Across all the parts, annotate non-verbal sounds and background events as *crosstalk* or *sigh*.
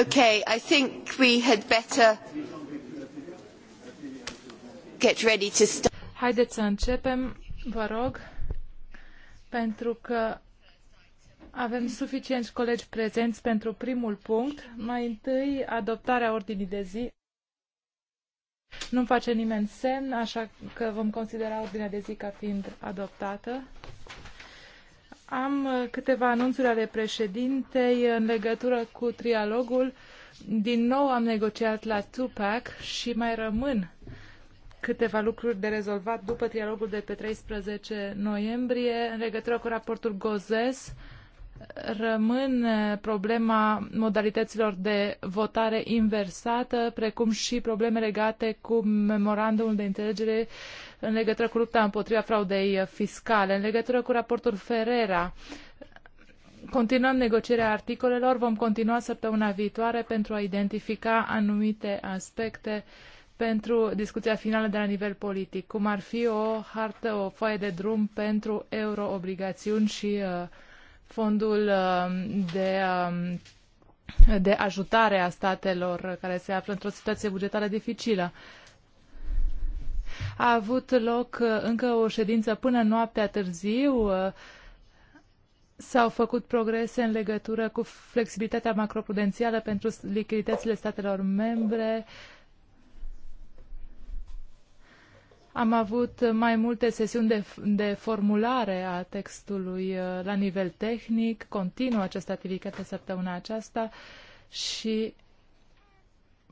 Okay, I think we had better get ready to start. Haideți să începem, vă rog, pentru că avem suficienți colegi prezenți pentru primul punct. Mai întâi, adoptarea ordinii de zi. Nu face nimeni semn, așa că vom considera ordinea de zi ca fiind adoptată. Am uh, câteva anunțuri ale președintei în legătură cu trialogul. Din nou am negociat la Tupac și mai rămân câteva lucruri de rezolvat după trialogul de pe 13 noiembrie. În legătură cu raportul Gozes, rămân uh, problema modalităților de votare inversată, precum și probleme legate cu memorandumul de înțelegere în legătură cu lupta împotriva fraudei fiscale, în legătură cu raportul Ferrera. Continuăm negocierea articolelor, vom continua săptămâna viitoare pentru a identifica anumite aspecte pentru discuția finală de la nivel politic, cum ar fi o hartă, o foaie de drum pentru euroobligațiuni și uh, fondul uh, de, uh, de ajutare a statelor care se află într-o situație bugetară dificilă. A avut loc uh, încă o ședință până noaptea târziu. Uh, S-au făcut progrese în legătură cu flexibilitatea macroprudențială pentru lichiditățile statelor membre. Am avut mai multe sesiuni de, de formulare a textului uh, la nivel tehnic. Continuă această activitate săptămâna aceasta și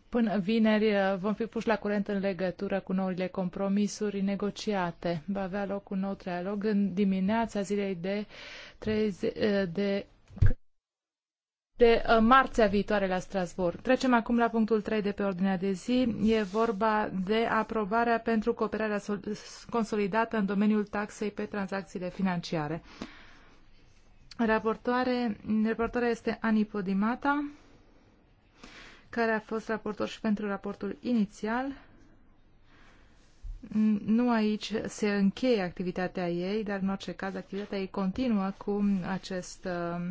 Până vineri uh, vom fi puși la curent în legătură cu noile compromisuri negociate. Va avea loc un nou trialog în dimineața zilei de, 30, uh, de, de uh, marțea viitoare la Strasbourg. Trecem acum la punctul 3 de pe ordinea de zi. E vorba de aprobarea pentru cooperarea consolidată în domeniul taxei pe tranzacțiile financiare. Raportoare, raportoarea este Ani Podimata care a fost raportor și pentru raportul inițial. Nu aici se încheie activitatea ei, dar în orice caz activitatea ei continuă cu acest uh,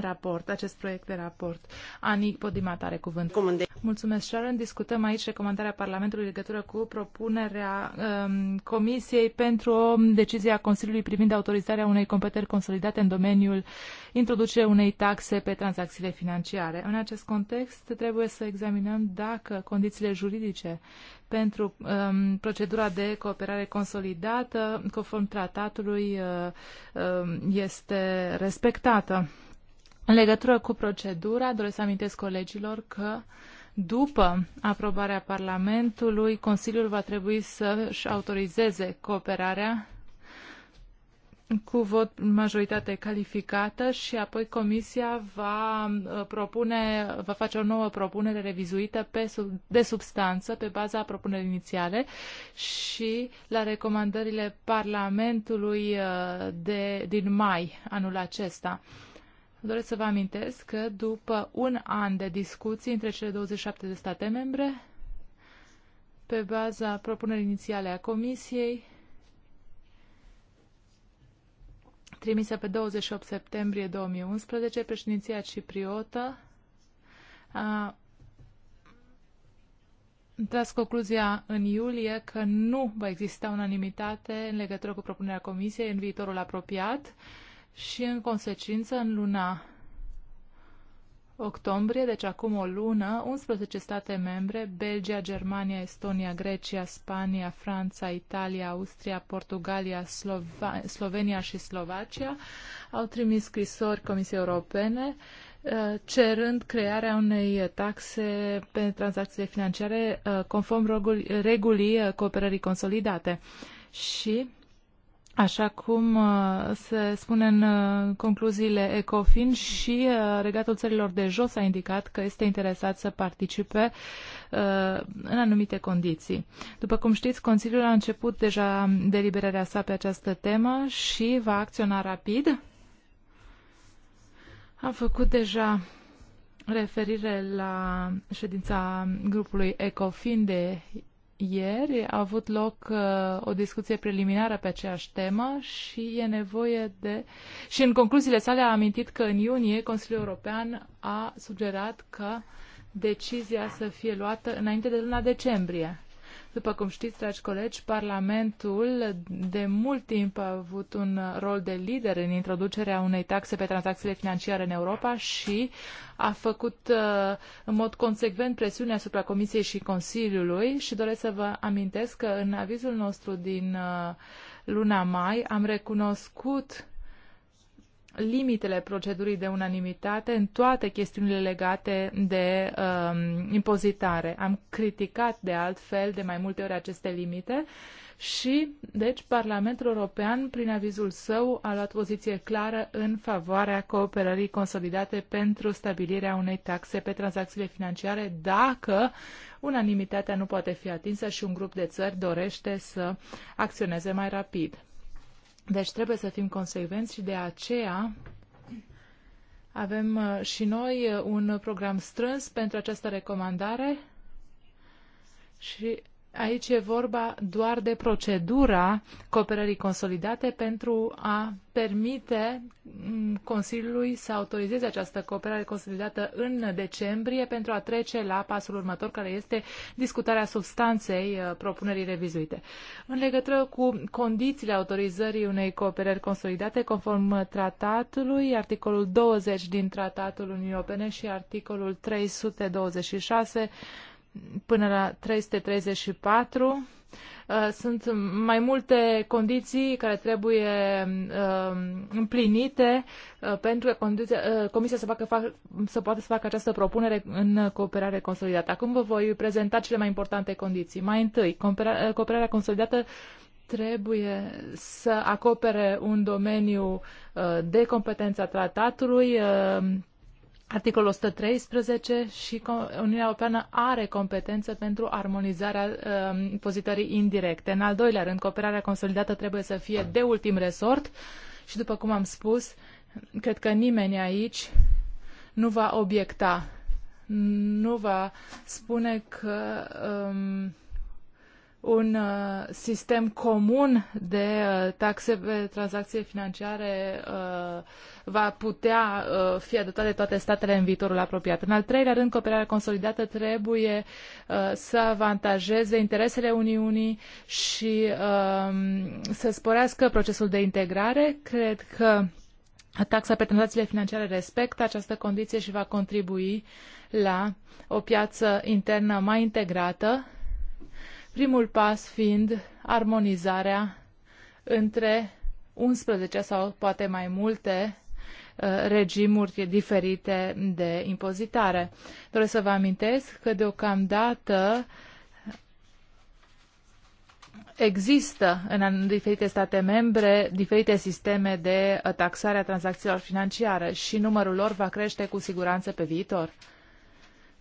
raport, acest proiect de raport. Anic Podimat are cuvânt. Comandă. Mulțumesc, Sharon. Discutăm aici recomandarea Parlamentului legătură cu propunerea um, Comisiei pentru o decizie a Consiliului privind autorizarea unei competeri consolidate în domeniul introducerea unei taxe pe tranzacțiile financiare. În acest context, trebuie să examinăm dacă condițiile juridice pentru um, procedura de cooperare consolidată, conform tratatului, uh, uh, este respectată. În legătură cu procedura, doresc să amintesc colegilor că după aprobarea Parlamentului, Consiliul va trebui să-și autorizeze cooperarea cu vot majoritate calificată și apoi Comisia va uh, propune, va face o nouă propunere revizuită pe de substanță pe baza propunerii inițiale și la recomandările Parlamentului uh, de, din mai anul acesta. Doresc să vă amintesc că după un an de discuții între cele 27 de state membre, pe baza propunerii inițiale a Comisiei, trimisă pe 28 septembrie 2011, președinția cipriotă a tras concluzia în iulie că nu va exista unanimitate în legătură cu propunerea Comisiei în viitorul apropiat și, în consecință, în luna octombrie, deci acum o lună, 11 state membre, Belgia, Germania, Estonia, Grecia, Spania, Franța, Italia, Austria, Portugalia, Slova Slovenia și Slovacia, au trimis scrisori Comisiei Europene uh, cerând crearea unei taxe pe tranzacțiile financiare uh, conform regulii uh, cooperării consolidate. Și așa cum uh, se spune în uh, concluziile ECOFIN și uh, Regatul Țărilor de Jos a indicat că este interesat să participe în anumite condiții. După cum știți, Consiliul a început deja deliberarea sa pe această temă și va acționa rapid. Am făcut deja referire la ședința grupului ECOFIN de ieri a avut loc uh, o discuție preliminară pe aceeași temă și e nevoie de... Și în concluziile sale a amintit că în iunie Consiliul European a sugerat că decizia să fie luată înainte de luna decembrie. După cum știți, dragi colegi, Parlamentul de mult timp a avut un rol de lider în introducerea unei taxe pe tranzacțiile financiare în Europa și a făcut uh, în mod consecvent presiune asupra Comisiei și Consiliului și doresc să vă amintesc că în avizul nostru din uh, luna mai am recunoscut limitele procedurii de unanimitate în toate chestiunile legate de um, impozitare. Am criticat de altfel de mai multe ori aceste limite și, deci, Parlamentul European, prin avizul său, a luat poziție clară în favoarea cooperării consolidate pentru stabilirea unei taxe pe tranzacțiile financiare dacă unanimitatea nu poate fi atinsă și un grup de țări dorește să acționeze mai rapid. Deci trebuie să fim consecvenți și de aceea avem uh, și noi uh, un program strâns pentru această recomandare și Aici e vorba doar de procedura cooperării consolidate pentru a permite mm, Consiliului să autorizeze această cooperare consolidată în decembrie pentru a trece la pasul următor, care este discutarea substanței uh, propunerii revizuite. În legătură cu condițiile autorizării unei cooperări consolidate conform tratatului, articolul 20 din Tratatul Uniunii Europene și articolul 326 până la 334 uh, sunt mai multe condiții care trebuie uh, împlinite uh, pentru că Comisia să, facă, să poată să facă această propunere în cooperare consolidată. Acum vă voi prezenta cele mai importante condiții. Mai întâi, cooperarea consolidată trebuie să acopere un domeniu de competența tratatului, Articolul 113 și Uniunea Europeană are competență pentru armonizarea uh, indirecte. În al doilea rând, cooperarea consolidată trebuie să fie de ultim resort și, după cum am spus, cred că nimeni aici nu va obiecta, nu va spune că um, un uh, sistem comun de uh, taxe pe tranzacție financiare uh, va putea uh, fi adoptat de toate statele în viitorul apropiat. În al treilea rând, cooperarea consolidată trebuie uh, să avantajeze interesele Uniunii și um, să sporească procesul de integrare. Cred că taxa pe tranzacțiile financiare respectă această condiție și va contribui la o piață internă mai integrată primul pas fiind armonizarea între 11 sau poate mai multe uh, regimuri diferite de impozitare. Doresc să vă amintesc că deocamdată există în diferite state membre diferite sisteme de uh, taxare a tranzacțiilor financiare și numărul lor va crește cu siguranță pe viitor.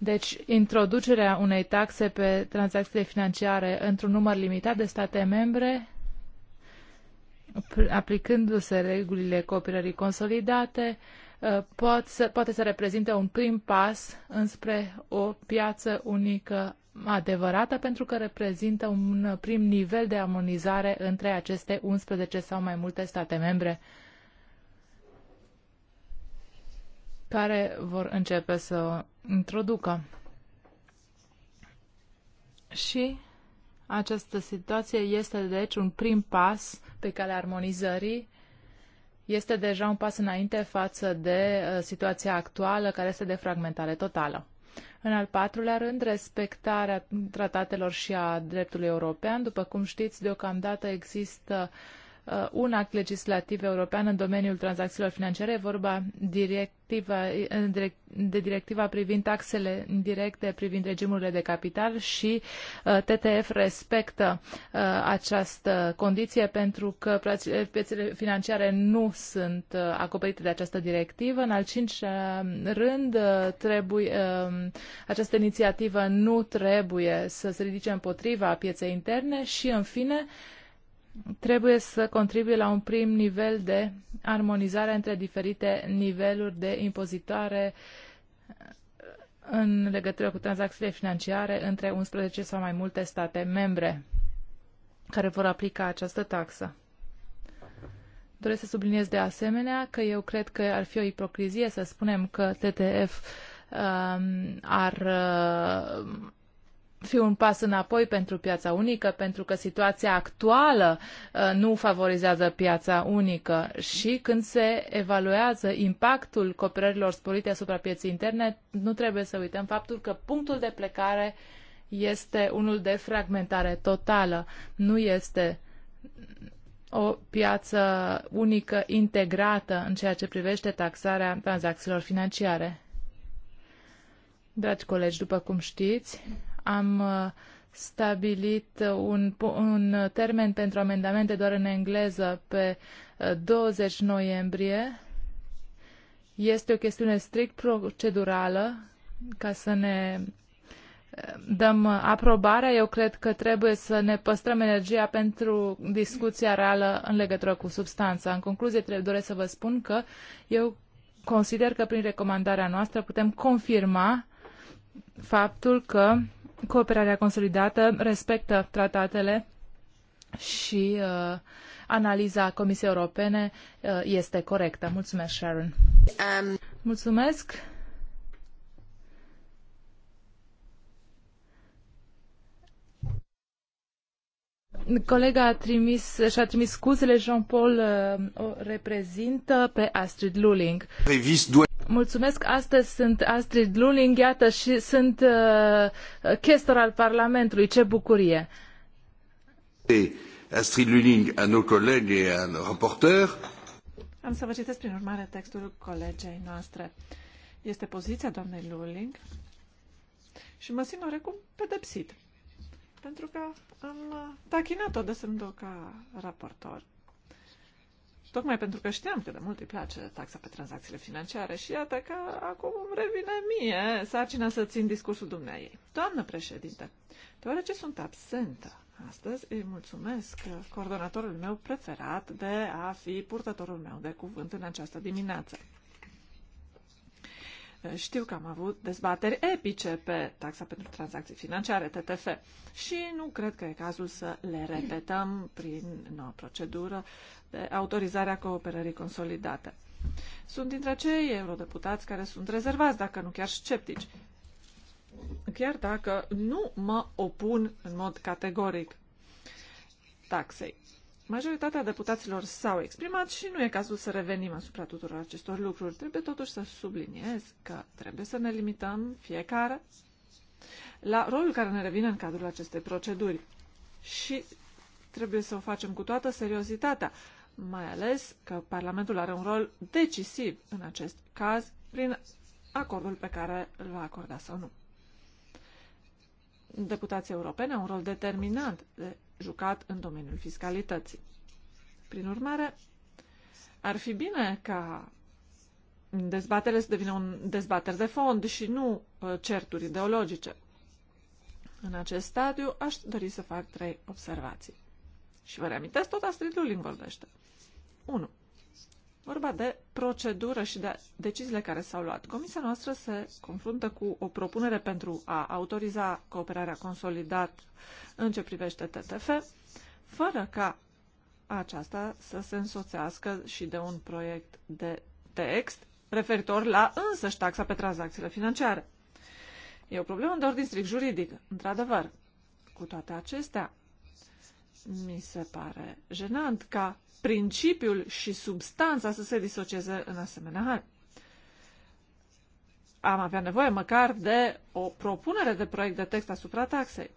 Deci, introducerea unei taxe pe tranzacțiile financiare într-un număr limitat de state membre, aplicându-se regulile cooperării consolidate, uh, pot să, poate să reprezinte un prim pas înspre o piață unică adevărată pentru că reprezintă un prim nivel de armonizare între aceste 11 sau mai multe state membre care vor începe să introducă. Și această situație este, deci, un prim pas pe calea armonizării. Este deja un pas înainte față de uh, situația actuală, care este de fragmentare totală. În al patrulea rând, respectarea tratatelor și a dreptului european. După cum știți, deocamdată există uh, Uh, un act legislativ european în domeniul tranzacțiilor financiare, e vorba directiva, de directiva privind taxele directe, privind regimurile de capital și uh, TTF respectă uh, această condiție pentru că piețele financiare nu sunt acoperite de această directivă. În al cincilea rând, trebuie, um, această inițiativă nu trebuie să se ridice împotriva pieței interne și, în fine, trebuie să contribuie la un prim nivel de armonizare între diferite niveluri de impozitare uh, în legătură cu tranzacțiile financiare între 11 sau mai multe state membre care vor aplica această taxă. Doresc să subliniez de asemenea că eu cred că ar fi o ipocrizie să spunem că TTF um, ar uh, fi un pas înapoi pentru piața unică, pentru că situația actuală uh, nu favorizează piața unică și când se evaluează impactul cooperărilor sporite asupra pieței interne, nu trebuie să uităm faptul că punctul de plecare este unul de fragmentare totală, nu este o piață unică integrată în ceea ce privește taxarea tranzacțiilor financiare. Dragi colegi, după cum știți, am uh, stabilit un, un termen pentru amendamente doar în engleză pe 20 uh, noiembrie. Este o chestiune strict procedurală ca să ne uh, dăm aprobarea, eu cred că trebuie să ne păstrăm energia pentru discuția reală în legătură cu substanța. În concluzie, trebuie, doresc să vă spun că eu consider că prin recomandarea noastră putem confirma faptul că Cooperarea consolidată respectă tratatele și uh, analiza Comisiei Europene uh, este corectă. Mulțumesc, Sharon. Um... Mulțumesc. Colega a trimis, și-a trimis scuzele, Jean-Paul uh, o reprezintă pe Astrid Luling. Mulțumesc, astăzi sunt Astrid Luling, iată, și sunt uh, chestor al Parlamentului. Ce bucurie! Astrid Luling, a nos colegi et a Am să vă citesc prin urmare textul colegei noastre. Este poziția doamnei Luling și mă simt oarecum pedepsit. Pentru că am tachinat-o de semnul ca raportor Tocmai pentru că știam că de mult îi place taxa pe tranzacțiile financiare și iată că acum îmi revine mie sarcina să țin discursul dumneai. Doamnă președinte, deoarece sunt absentă astăzi, îi mulțumesc coordonatorul meu preferat de a fi purtătorul meu de cuvânt în această dimineață. Știu că am avut dezbateri epice pe taxa pentru tranzacții financiare, TTF, și nu cred că e cazul să le repetăm prin noua procedură de autorizare a cooperării consolidate. Sunt dintre cei eurodeputați care sunt rezervați, dacă nu chiar sceptici, chiar dacă nu mă opun în mod categoric taxei. Majoritatea deputaților s-au exprimat și nu e cazul să revenim asupra tuturor acestor lucruri. Trebuie totuși să subliniez că trebuie să ne limităm fiecare la rolul care ne revine în cadrul acestei proceduri. Și trebuie să o facem cu toată seriozitatea, mai ales că Parlamentul are un rol decisiv în acest caz prin acordul pe care îl va acorda sau nu. Deputații europene au un rol determinant de jucat în domeniul fiscalității. Prin urmare, ar fi bine ca dezbaterele să devină un dezbatere de fond și nu uh, certuri ideologice. În acest stadiu aș dori să fac trei observații. Și vă reamintesc, tot Astrid Luling vorbește. 1 vorba de procedură și de deciziile care s-au luat. Comisia noastră se confruntă cu o propunere pentru a autoriza cooperarea consolidat în ce privește TTF, fără ca aceasta să se însoțească și de un proiect de text referitor la însăși taxa pe tranzacțiile financiare. E o problemă de ordin strict juridic, într-adevăr. Cu toate acestea, mi se pare jenant ca principiul și substanța să se disocieze în asemenea hal. Am avea nevoie măcar de o propunere de proiect de text asupra taxei.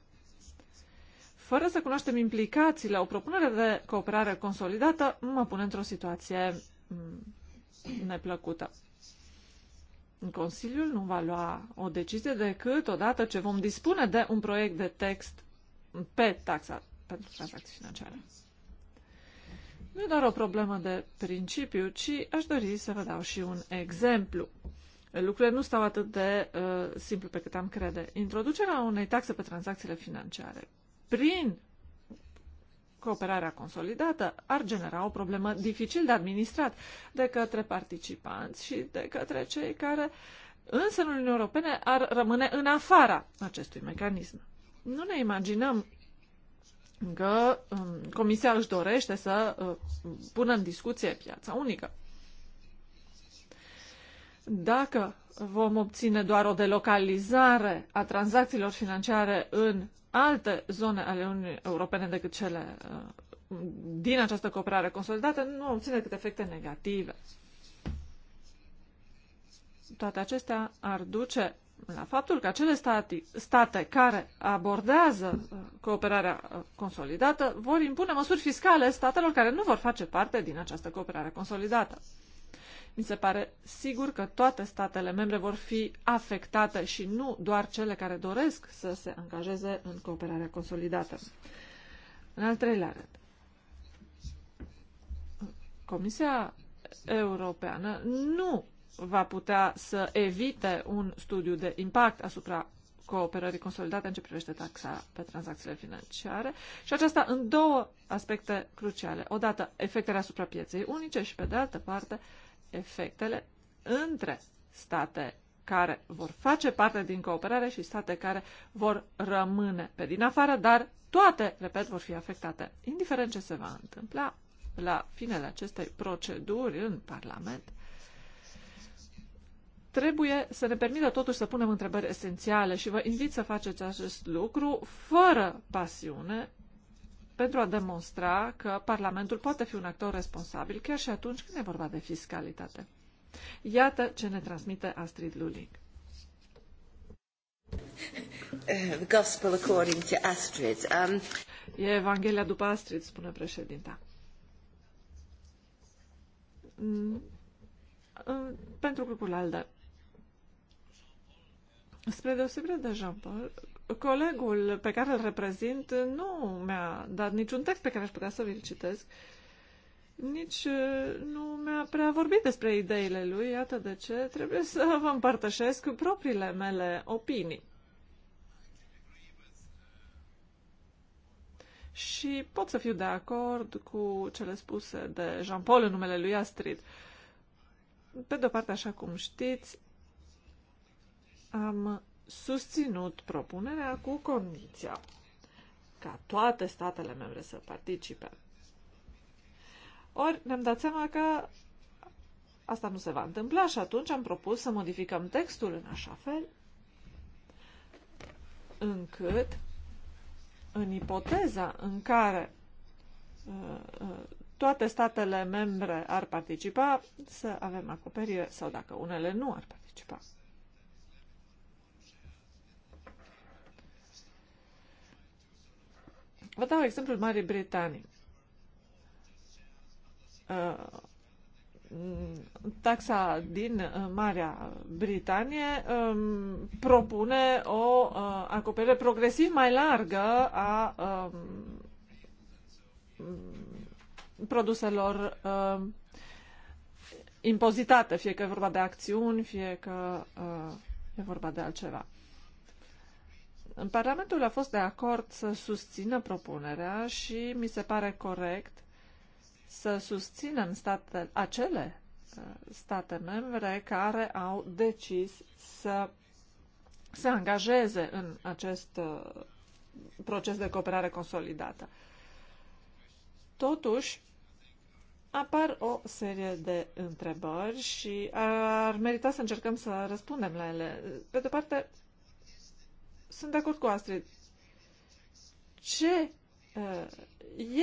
Fără să cunoaștem implicațiile, o propunere de cooperare consolidată mă pune într-o situație mm, neplăcută. Consiliul nu va lua o decizie decât odată ce vom dispune de un proiect de text pe taxa pentru tranzacții financiare. Nu e doar o problemă de principiu, ci aș dori să vă dau și un exemplu. Lucrurile nu stau atât de uh, simplu pe cât am crede. Introducerea unei taxe pe tranzacțiile financiare prin cooperarea consolidată ar genera o problemă dificil de administrat de către participanți și de către cei care însă în Uniunea Europene ar rămâne în afara acestui mecanism. Nu ne imaginăm că um, Comisia își dorește să uh, pună în discuție piața unică. Dacă vom obține doar o delocalizare a tranzacțiilor financiare în alte zone ale Uniunii Europene decât cele uh, din această cooperare consolidată, nu obține decât efecte negative. Toate acestea ar duce la faptul că acele stati, state care abordează uh, cooperarea uh, consolidată vor impune măsuri fiscale statelor care nu vor face parte din această cooperare consolidată. Mi se pare sigur că toate statele membre vor fi afectate și nu doar cele care doresc să se angajeze în cooperarea consolidată. În al treilea rând, Comisia Europeană nu va putea să evite un studiu de impact asupra cooperării consolidate în ce privește taxa pe tranzacțiile financiare și aceasta în două aspecte cruciale. Odată, efectele asupra pieței unice și, pe de altă parte, efectele între state care vor face parte din cooperare și state care vor rămâne pe din afară, dar toate, repet, vor fi afectate. Indiferent ce se va întâmpla la finele acestei proceduri în Parlament, trebuie să ne permită totuși să punem întrebări esențiale și vă invit să faceți acest lucru fără pasiune pentru a demonstra că Parlamentul poate fi un actor responsabil chiar și atunci când e vorba de fiscalitate. Iată ce ne transmite Astrid Luling. Eh, the gospel according to Astrid. Um... E Evanghelia după Astrid, spune președinta. Mm, mm, pentru grupul ALDE. Spre deosebire de Jean-Paul, colegul pe care îl reprezint nu mi-a dat niciun text pe care aș putea să vi-l citesc, nici uh, nu mi-a prea vorbit despre ideile lui, iată de ce trebuie să vă împărtășesc propriile mele opinii. Și pot să fiu de acord cu cele spuse de Jean-Paul în numele lui Astrid. Pe de-o parte, așa cum știți, am susținut propunerea cu condiția ca toate statele membre să participe. Ori ne-am dat seama că asta nu se va întâmpla și atunci am propus să modificăm textul în așa fel încât în ipoteza în care uh, uh, toate statele membre ar participa, să avem acoperire sau dacă unele nu ar participa. Vă dau exemplul Marii Britanii. Uh, taxa din uh, Marea Britanie um, propune o uh, acoperire progresiv mai largă a um, produselor um, impozitate, fie că e vorba de acțiuni, fie că e vorba de altceva. Parlamentul a fost de acord să susțină propunerea și mi se pare corect să susținem state, acele uh, state membre care au decis să se angajeze în acest uh, proces de cooperare consolidată. Totuși, apar o serie de întrebări și ar merita să încercăm să răspundem la ele. Pe de parte, sunt de acord cu Astrid. Ce uh,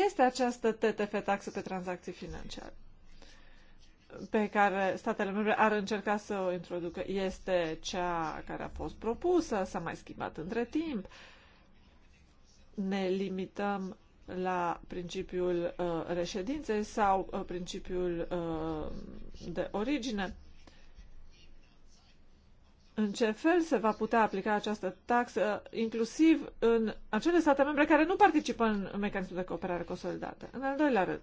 este această TTF, taxă pe tranzacții financiare, pe care statele membre ar încerca să o introducă? Este cea care a fost propusă, s-a mai schimbat între timp. Ne limităm la principiul uh, reședinței sau uh, principiul uh, de origine în ce fel se va putea aplica această taxă, inclusiv în acele state membre care nu participă în mecanismul de cooperare consolidată. În al doilea rând,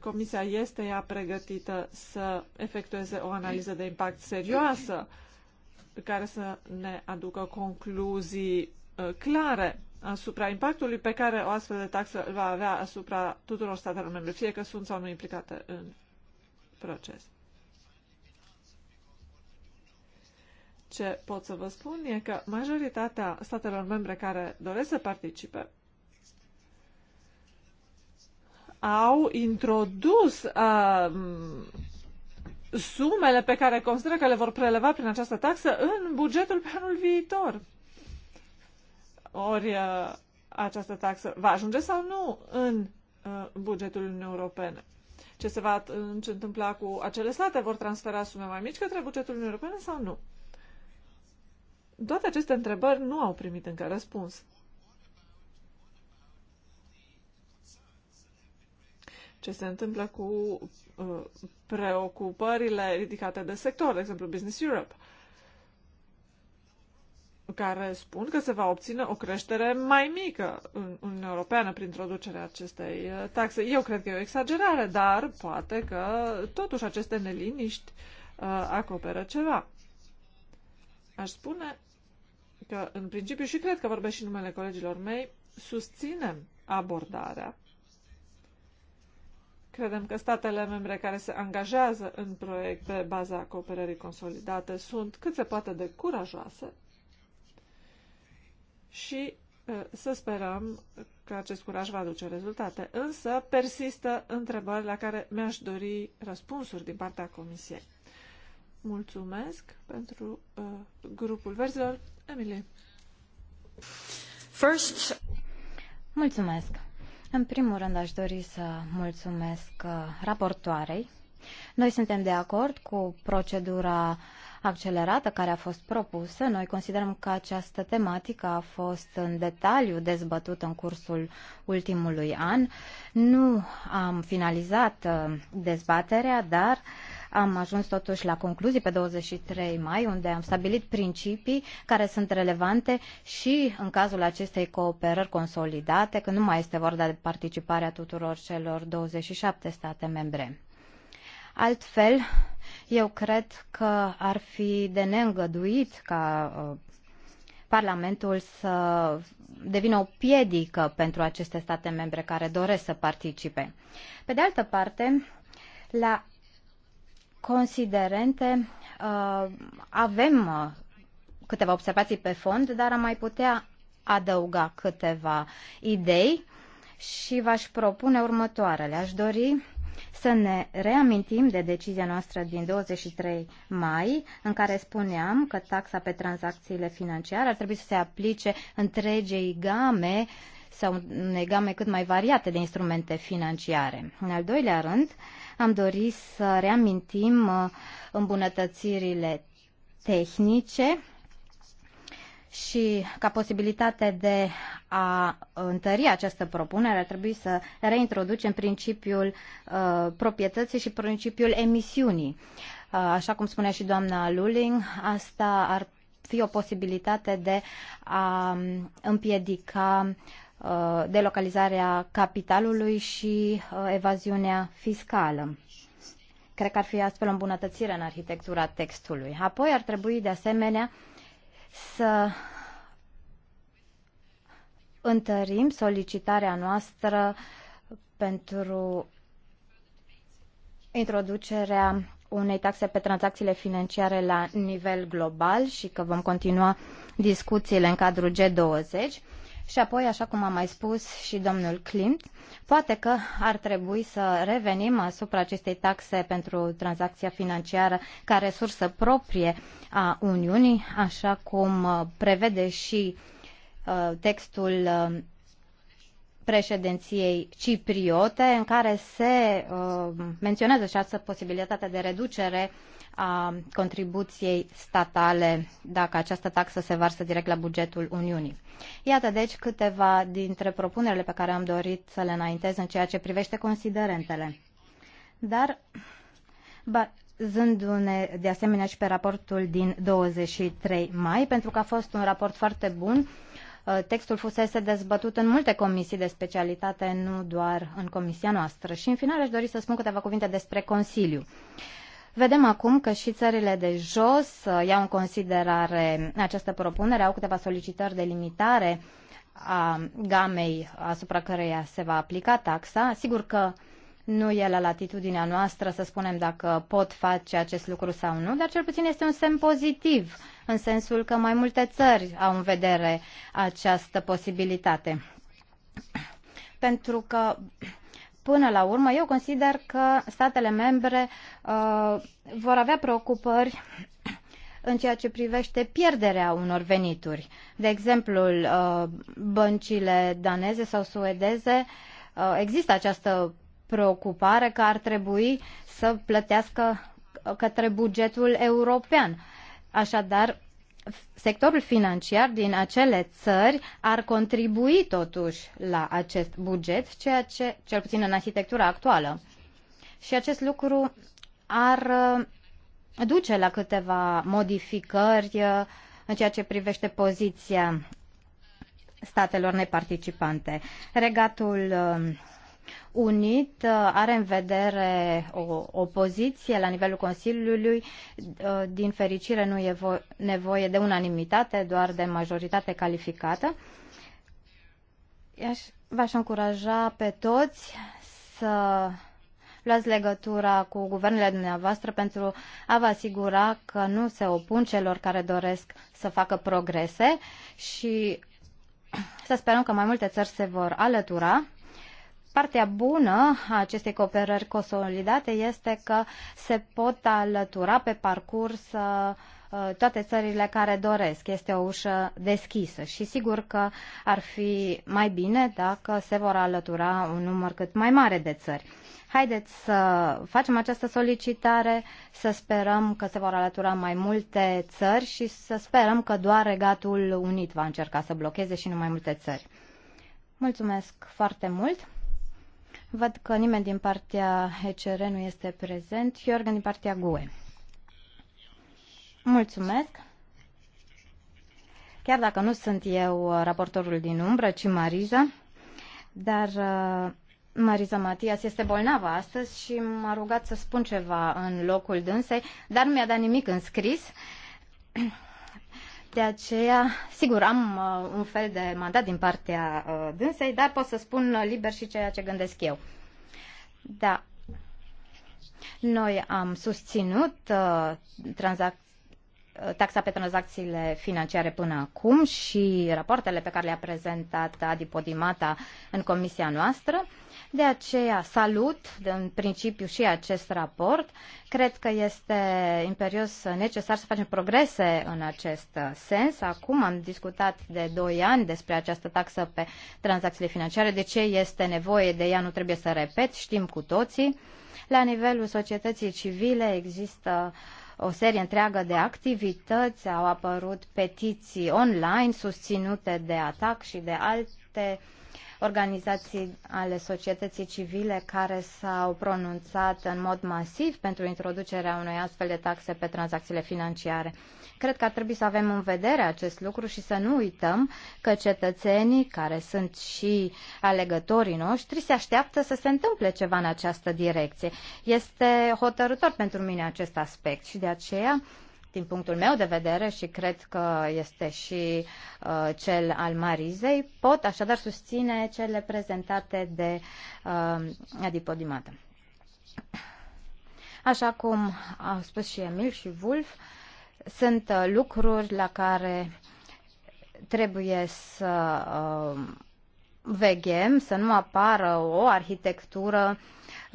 Comisia este ea pregătită să efectueze o analiză de impact serioasă care să ne aducă concluzii uh, clare asupra impactului pe care o astfel de taxă îl va avea asupra tuturor statelor membre, fie că sunt sau nu implicate în proces. Ce pot să vă spun e că majoritatea statelor membre care doresc să participe au introdus uh, sumele pe care consideră că le vor preleva prin această taxă în bugetul pe anul viitor. Ori uh, această taxă va ajunge sau nu în uh, bugetul Uniunii Europene? Ce se va întâmpla cu acele state? Vor transfera sume mai mici către bugetul Uniunii Europene sau nu? Toate aceste întrebări nu au primit încă răspuns. Ce se întâmplă cu uh, preocupările ridicate de sector, de exemplu Business Europe, care spun că se va obține o creștere mai mică în Uniunea Europeană prin introducerea acestei uh, taxe. Eu cred că e o exagerare, dar poate că totuși aceste neliniști uh, acoperă ceva aș spune că, în principiu, și cred că vorbesc și numele colegilor mei, susținem abordarea. Credem că statele membre care se angajează în proiect pe baza cooperării consolidate sunt cât se poate de curajoase și să sperăm că acest curaj va aduce rezultate. Însă persistă întrebări la care mi-aș dori răspunsuri din partea Comisiei. Mulțumesc pentru uh, grupul verzilor. Emily. First... Mulțumesc. În primul rând aș dori să mulțumesc uh, raportoarei. Noi suntem de acord cu procedura accelerată care a fost propusă. Noi considerăm că această tematică a fost în detaliu dezbătută în cursul ultimului an. Nu am finalizat uh, dezbaterea, dar uh, am ajuns totuși la concluzii pe 23 mai, unde am stabilit principii care sunt relevante și în cazul acestei cooperări consolidate, că nu mai este vorba de participarea tuturor celor 27 state membre. Altfel, eu cred că ar fi de neîngăduit ca ă, Parlamentul să devină o piedică pentru aceste state membre care doresc să participe. Pe de altă parte, la considerente uh, avem uh, câteva observații pe fond, dar am mai putea adăuga câteva idei și v-aș propune următoarele. Aș dori să ne reamintim de decizia noastră din 23 mai, în care spuneam că taxa pe tranzacțiile financiare ar trebui să se aplice întregei game sau unei game cât mai variate de instrumente financiare. În al doilea rând, uh, am dorit să reamintim uh, îmbunătățirile tehnice și ca posibilitate de a întări această propunere ar trebui să reintroducem principiul uh, proprietății și principiul emisiunii. Uh, așa cum spunea și doamna Luling, asta ar fi o posibilitate de a um, împiedica uh, Uh, delocalizarea capitalului și uh, evaziunea fiscală. Cred că ar fi astfel o îmbunătățire în arhitectura textului. Apoi ar trebui de asemenea să întărim solicitarea noastră pentru introducerea unei taxe pe tranzacțiile financiare la nivel global și că vom continua discuțiile în cadrul G20 și apoi, așa cum a mai spus și domnul Klimt, poate că ar trebui să revenim asupra acestei taxe pentru tranzacția financiară ca resursă proprie a Uniunii, așa cum uh, prevede și uh, textul uh, președinției cipriote, în care se menționează și această posibilitate de reducere a contribuției statale dacă această taxă se varsă direct la bugetul Uniunii. Iată deci câteva dintre propunerile pe care am dorit să le înaintez în ceea ce privește considerentele. Dar bazându-ne de asemenea și pe raportul din 23 mai, pentru că a fost un raport foarte bun, textul fusese dezbătut în multe comisii de specialitate, nu doar în comisia noastră. Și în final aș dori să spun câteva cuvinte despre Consiliu. Uh, Vedem acum că și țările de jos uh, iau în considerare această propunere, au câteva solicitări de limitare a gamei asupra căreia se va aplica taxa. Sigur că nu e la latitudinea noastră să spunem dacă pot face acest lucru sau nu, dar cel puțin este un semn pozitiv, în sensul că mai multe țări au în vedere această posibilitate. Pentru că Până la urmă, eu consider că statele membre uh, vor avea preocupări în ceea ce privește pierderea unor venituri. De exemplu, uh, băncile daneze sau suedeze, uh, există această preocupare că ar trebui să plătească către bugetul european. Așadar, sectorul financiar din acele țări ar contribui totuși la acest buget, ceea ce, cel puțin în arhitectura actuală. Și acest lucru ar uh, duce la câteva modificări uh, în ceea ce privește poziția statelor neparticipante. Regatul uh, Unit uh, are în vedere o opoziție la nivelul Consiliului. Uh, din fericire nu e nevoie de unanimitate, doar de majoritate calificată. V-aș încuraja pe toți să luați legătura cu guvernele dumneavoastră pentru a vă asigura că nu se opun celor care doresc să facă progrese și să sperăm că mai multe țări se vor alătura Partea bună a acestei cooperări consolidate este că se pot alătura pe parcurs uh, toate țările care doresc. Este o ușă deschisă și sigur că ar fi mai bine dacă se vor alătura un număr cât mai mare de țări. Haideți să facem această solicitare, să sperăm că se vor alătura mai multe țări și să sperăm că doar Regatul Unit va încerca să blocheze și nu mai multe țări. Mulțumesc foarte mult! Văd că nimeni din partea ECR nu este prezent. Iorgan din partea GUE. Mulțumesc. Chiar dacă nu sunt eu raportorul din umbră, ci Mariza, dar uh, Mariza Matias este bolnavă astăzi și m-a rugat să spun ceva în locul dânsei, dar nu mi-a dat nimic în scris. De aceea, sigur, am uh, un fel de mandat din partea uh, dânsei, dar pot să spun uh, liber și ceea ce gândesc eu. Da. Noi am susținut uh, transac- taxa pe tranzacțiile financiare până acum și rapoartele pe care le-a prezentat Adi Podimata în comisia noastră. Uh, de aceea salut în principiu și acest raport. Cred că este imperios necesar să facem progrese în acest sens. Acum am discutat de 2 ani despre această taxă pe tranzacțiile financiare. De ce este nevoie de ea, nu trebuie să repet, știm cu toții. La nivelul societății civile există o serie întreagă de activități, au apărut petiții online susținute de ATAC și de alte organizații ale societății civile care s-au pronunțat în mod masiv pentru introducerea unei astfel de taxe pe tranzacțiile financiare. Cred că ar trebui să avem în vedere acest lucru și să nu uităm că cetățenii, care sunt și alegătorii noștri, se așteaptă să se întâmple ceva în această direcție. Este hotărător pentru mine acest aspect și de aceea din punctul meu de vedere și cred că este și uh, cel al Marizei, pot așadar susține cele prezentate de uh, adipodimată. Așa cum au spus și Emil și Wolf, sunt uh, lucruri la care trebuie să uh, veghem, să nu apară o arhitectură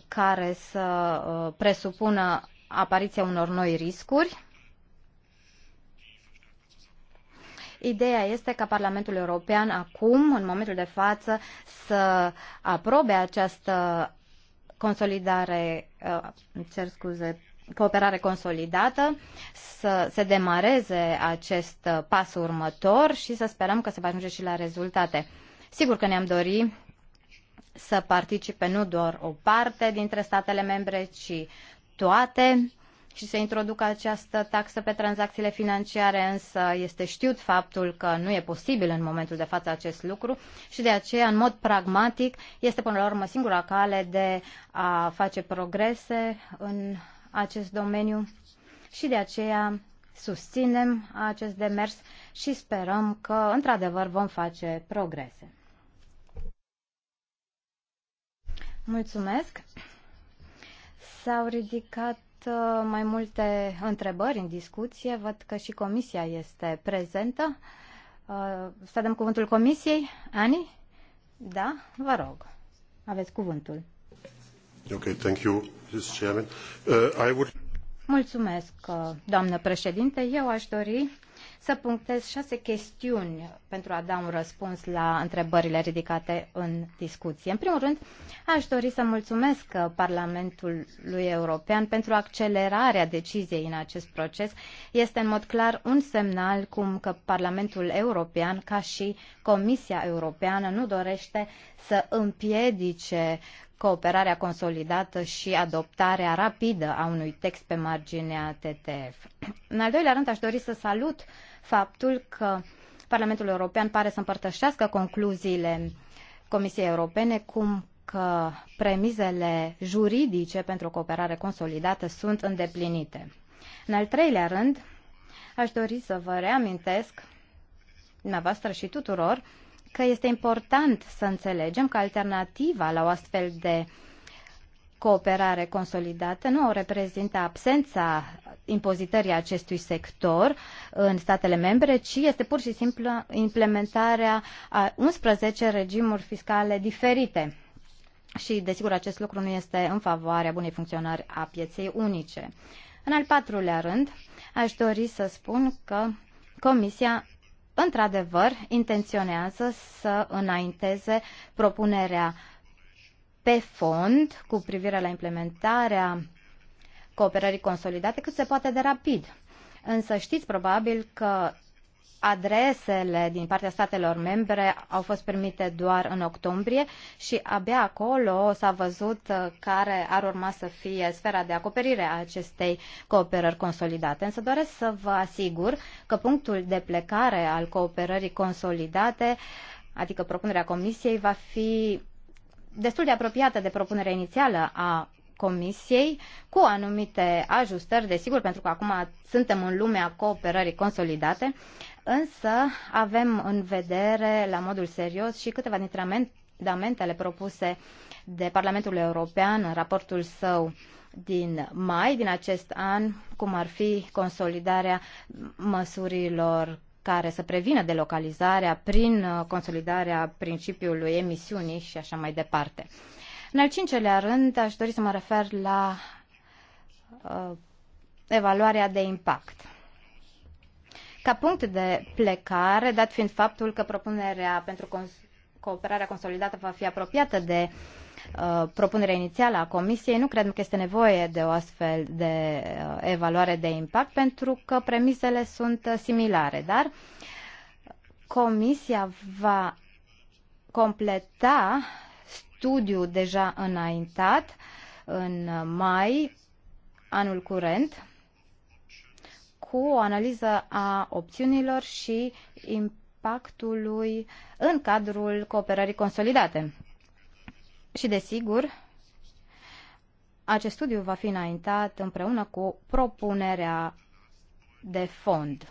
care să uh, presupună apariția unor noi riscuri Ideea este ca Parlamentul European acum, în momentul de față, să aprobe această consolidare, uh, cer scuze, cooperare consolidată, să se demareze acest uh, pas următor și să sperăm că se va ajunge și la rezultate. Sigur că ne-am dorit să participe nu doar o parte dintre statele membre, ci toate și se introducă această taxă pe tranzacțiile financiare, însă este știut faptul că nu e posibil în momentul de față acest lucru și de aceea, în mod pragmatic, este până la urmă singura cale de a face progrese în acest domeniu și de aceea susținem acest demers și sperăm că, într-adevăr, vom face progrese. Mulțumesc! S-au ridicat Uh, mai multe întrebări în discuție. Văd că și comisia este prezentă. Uh, să dăm cuvântul comisiei. Ani? Da? Vă rog. Aveți cuvântul. Ok, thank you, Mr. Chairman. Uh, I would... Mulțumesc, uh, doamnă președinte. Eu aș dori să punctez șase chestiuni pentru a da un răspuns la întrebările ridicate în discuție. În primul rând, aș dori să mulțumesc Parlamentului European pentru accelerarea deciziei în acest proces. Este în mod clar un semnal cum că Parlamentul European, ca și Comisia Europeană, nu dorește să împiedice cooperarea consolidată și adoptarea rapidă a unui text pe marginea TTF. În al doilea rând, aș dori să salut faptul că Parlamentul European pare să împărtășească concluziile Comisiei Europene, cum că premizele juridice pentru o cooperare consolidată sunt îndeplinite. În al treilea rând, aș dori să vă reamintesc, dumneavoastră și tuturor, că este important să înțelegem că alternativa la o astfel de uh, cooperare consolidată nu reprezintă absența impozitării acestui sector în statele membre, ci este pur și simplu implementarea a 11 regimuri fiscale diferite. Și, desigur, acest lucru nu este în favoarea bunei funcționări a pieței unice. În al patrulea rând, aș dori să spun că Comisia într-adevăr intenționează să înainteze propunerea pe fond cu privire la implementarea cooperării consolidate cât se poate de rapid. Însă știți probabil că adresele din partea statelor membre au fost primite doar în octombrie și abia acolo s-a văzut care ar urma să fie sfera de acoperire a acestei cooperări consolidate. Însă doresc să vă asigur că punctul de plecare al cooperării consolidate, adică propunerea Comisiei, va fi destul de apropiată de propunerea inițială a Comisiei, cu anumite ajustări, desigur, pentru că acum suntem în lumea cooperării consolidate, însă avem în vedere la modul serios și câteva dintre amendamentele propuse de Parlamentul European în raportul său din mai din acest an, cum ar fi consolidarea măsurilor care să prevină delocalizarea prin uh, consolidarea principiului emisiunii și așa mai departe. În al cincelea rând, aș dori să mă refer la uh, evaluarea de impact. Ca punct de plecare, dat fiind faptul că propunerea pentru cons- cooperarea consolidată va fi apropiată de uh, Uh, propunerea inițială a Comisiei, nu cred că este nevoie de o astfel de uh, evaluare de impact, pentru că premisele sunt similare, dar Comisia va completa studiul deja înaintat în mai anul curent cu o analiză a opțiunilor și impactului în cadrul cooperării consolidate. Și desigur, acest studiu va fi înaintat împreună cu propunerea de fond.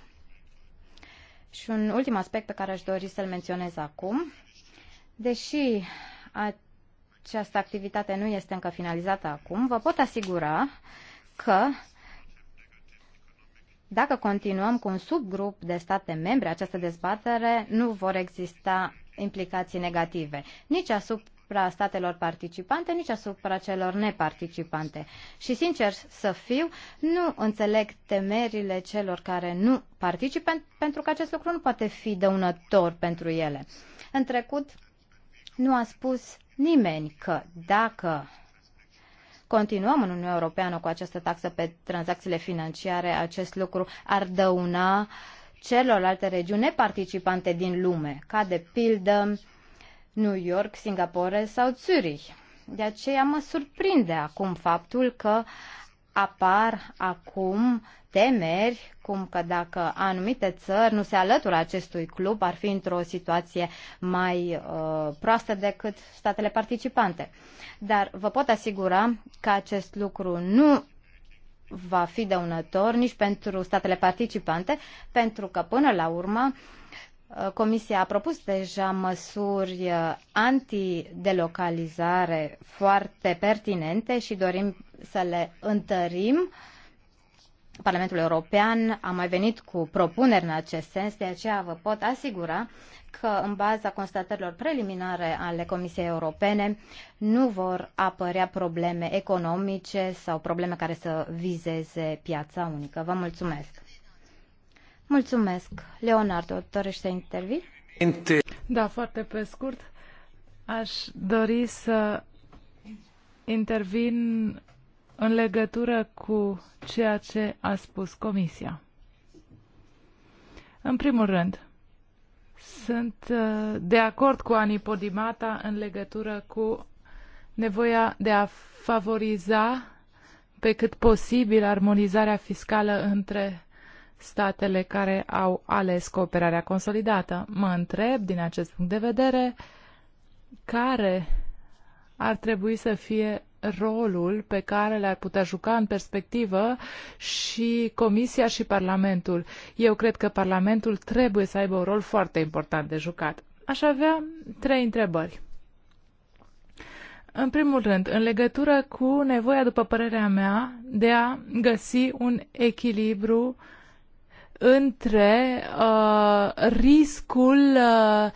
Și un ultim aspect pe care aș dori să-l menționez acum, deși această activitate nu este încă finalizată acum, vă pot asigura că dacă continuăm cu un subgrup de state membre această dezbatere, nu vor exista implicații negative, nici asupra asupra statelor participante, nici asupra celor neparticipante. Și sincer să fiu, nu înțeleg temerile celor care nu participă, pentru că acest lucru nu poate fi dăunător pentru ele. În trecut, nu a spus nimeni că dacă continuăm în Uniunea Europeană cu această taxă pe tranzacțiile financiare, acest lucru ar dăuna celorlalte regiuni neparticipante din lume, ca de pildă New York, Singapore sau Zurich. De aceea mă surprinde acum faptul că apar acum temeri cum că dacă anumite țări nu se alătură acestui club, ar fi într-o situație mai uh, proastă decât statele participante. Dar vă pot asigura că acest lucru nu va fi dăunător nici pentru statele participante, pentru că până la urmă Uh, Comisia a propus deja măsuri uh, antidelocalizare foarte pertinente și dorim să le întărim. Parlamentul European a mai venit cu propuneri în acest sens, de aceea vă pot asigura că în baza constatărilor preliminare ale Comisiei Europene nu vor apărea probleme economice sau probleme care să vizeze piața unică. Vă mulțumesc! Mulțumesc. Leonardo, dorește să intervii? Da, foarte pe scurt. Aș dori să intervin în legătură cu ceea ce a spus Comisia. În primul rând, sunt uh, de acord cu Ani Podimata în legătură cu nevoia de a favoriza pe cât posibil armonizarea fiscală între statele care au ales cooperarea consolidată. Mă întreb, din acest punct de vedere, care ar trebui să fie rolul pe care le-ar putea juca în perspectivă și Comisia și Parlamentul. Eu cred că Parlamentul trebuie să aibă un rol foarte important de jucat. Aș avea trei întrebări. În primul rând, în legătură cu nevoia, după părerea mea, de a găsi un echilibru uh, între uh, riscul uh,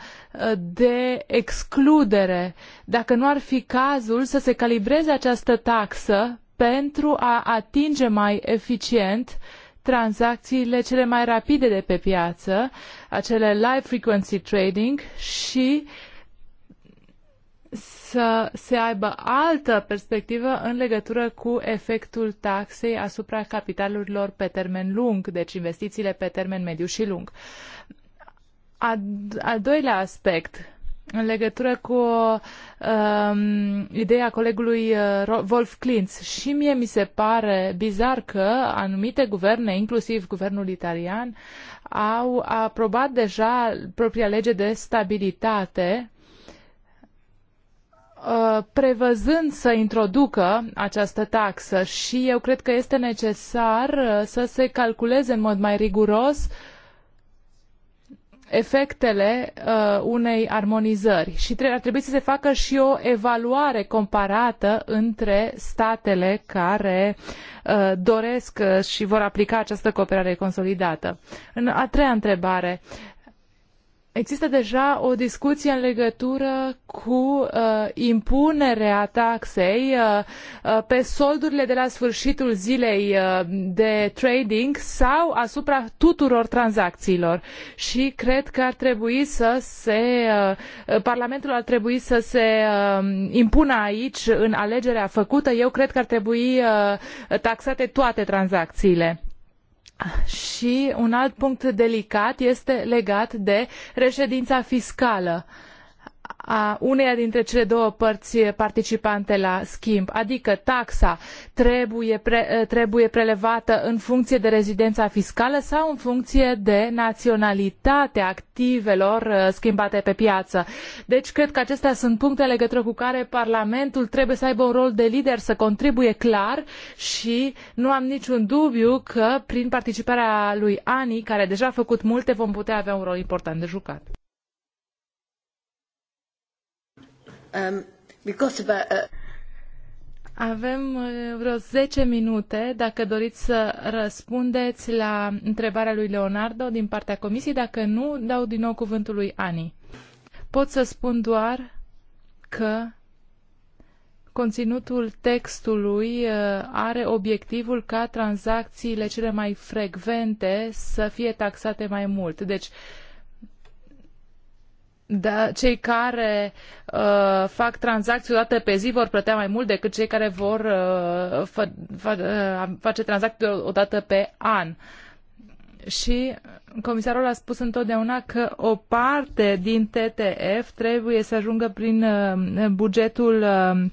de excludere. Dacă nu ar fi cazul să se calibreze această taxă pentru a atinge mai eficient tranzacțiile cele mai rapide de pe piață, acele live frequency trading și uh, să se aibă altă perspectivă în legătură cu efectul taxei asupra capitalurilor pe termen lung, deci investițiile pe termen mediu și lung. Al doilea aspect, în legătură cu um, ideea colegului uh, Wolf Klintz. Și mie mi se pare bizar că anumite guverne, inclusiv guvernul italian, au aprobat deja propria lege de stabilitate Uh, prevăzând să introducă această taxă și eu cred că este necesar uh, să se calculeze în mod mai riguros efectele uh, unei armonizări și tre- ar trebui să se facă și o evaluare comparată între statele care uh, doresc uh, și vor aplica această cooperare consolidată. În a treia întrebare, Există deja o discuție în legătură cu uh, impunerea taxei uh, uh, pe soldurile de la sfârșitul zilei uh, de trading sau asupra tuturor tranzacțiilor. Și cred că ar trebui să se. Uh, Parlamentul ar trebui să se uh, impună aici în alegerea făcută. Eu cred că ar trebui uh, taxate toate tranzacțiile și un alt punct delicat este legat de reședința fiscală a uneia dintre cele două părți participante la schimb, adică taxa trebuie, pre, trebuie prelevată în funcție de rezidența fiscală sau în funcție de naționalitatea activelor uh, schimbate pe piață. Deci cred că acestea sunt puncte în legătură cu care Parlamentul trebuie să aibă un rol de lider, să contribuie clar și nu am niciun dubiu că prin participarea lui Ani, care deja a făcut multe, vom putea avea un rol important de jucat. Um, uh, Avem uh, vreo 10 minute dacă doriți să răspundeți la întrebarea lui Leonardo din partea comisiei. Dacă nu, dau din nou cuvântul lui Ani. Pot să spun doar că conținutul textului uh, are obiectivul ca tranzacțiile cele mai frecvente să fie taxate mai mult. Deci, da, cei care uh, fac tranzacții o dată pe zi vor plătea mai mult decât cei care vor uh, fa, fa, uh, face tranzacții o dată pe an. Și comisarul a spus întotdeauna că o parte din TTF trebuie să ajungă prin uh, bugetul uh,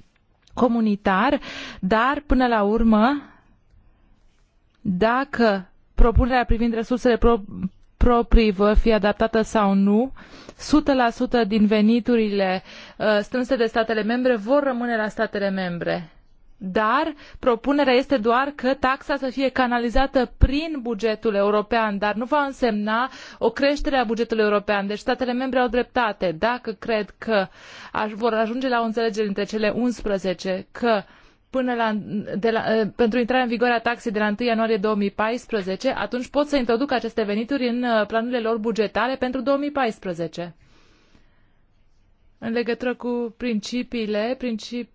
comunitar, dar până la urmă, dacă propunerea privind resursele proprii proprii vor fi adaptată sau nu, 100% din veniturile uh, strânse de statele membre vor rămâne la statele membre dar propunerea este doar că taxa să fie canalizată prin bugetul european, dar nu va însemna o creștere a bugetului european. Deci statele membre au dreptate. Dacă cred că vor ajunge la o înțelegere între cele 11 că uh, până la, de la, eh, pentru intrarea în vigoare a taxei de la 1 ianuarie 2014, atunci pot să introduc aceste venituri în eh, planurile lor bugetare pentru 2014. În legătură cu principiile, princip...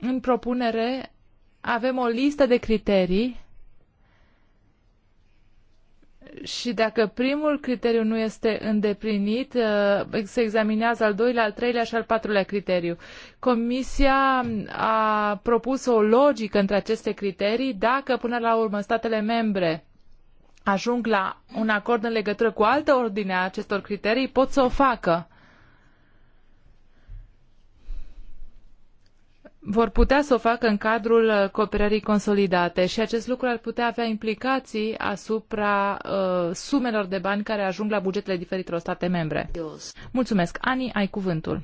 în propunere avem o listă de criterii și dacă primul criteriu nu este îndeplinit, uh, se examinează al doilea, al treilea și al patrulea criteriu. Comisia a propus o logică între aceste criterii dacă până la urmă statele membre ajung la un acord în legătură cu altă ordine a acestor criterii, pot să o facă. vor putea să o facă în cadrul uh, cooperării consolidate și acest lucru ar putea avea implicații asupra uh, sumelor de bani care ajung la bugetele diferitelor state membre. Mulțumesc. Ani, ai cuvântul.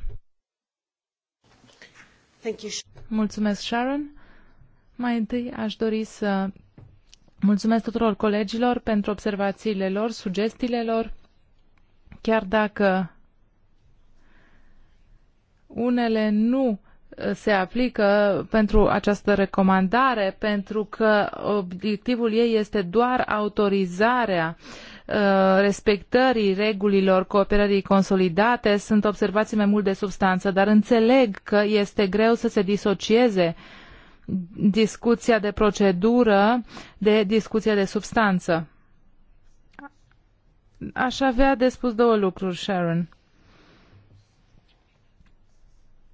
Mulțumesc, Sharon. Mai întâi aș dori să mulțumesc tuturor colegilor pentru observațiile lor, sugestiile lor, chiar dacă unele nu se aplică pentru această recomandare, pentru că obiectivul ei este doar autorizarea uh, respectării regulilor cooperării consolidate. Sunt observații mai mult de substanță, dar înțeleg că este greu să se disocieze discuția de procedură de discuția de substanță. Aș avea de spus două lucruri, Sharon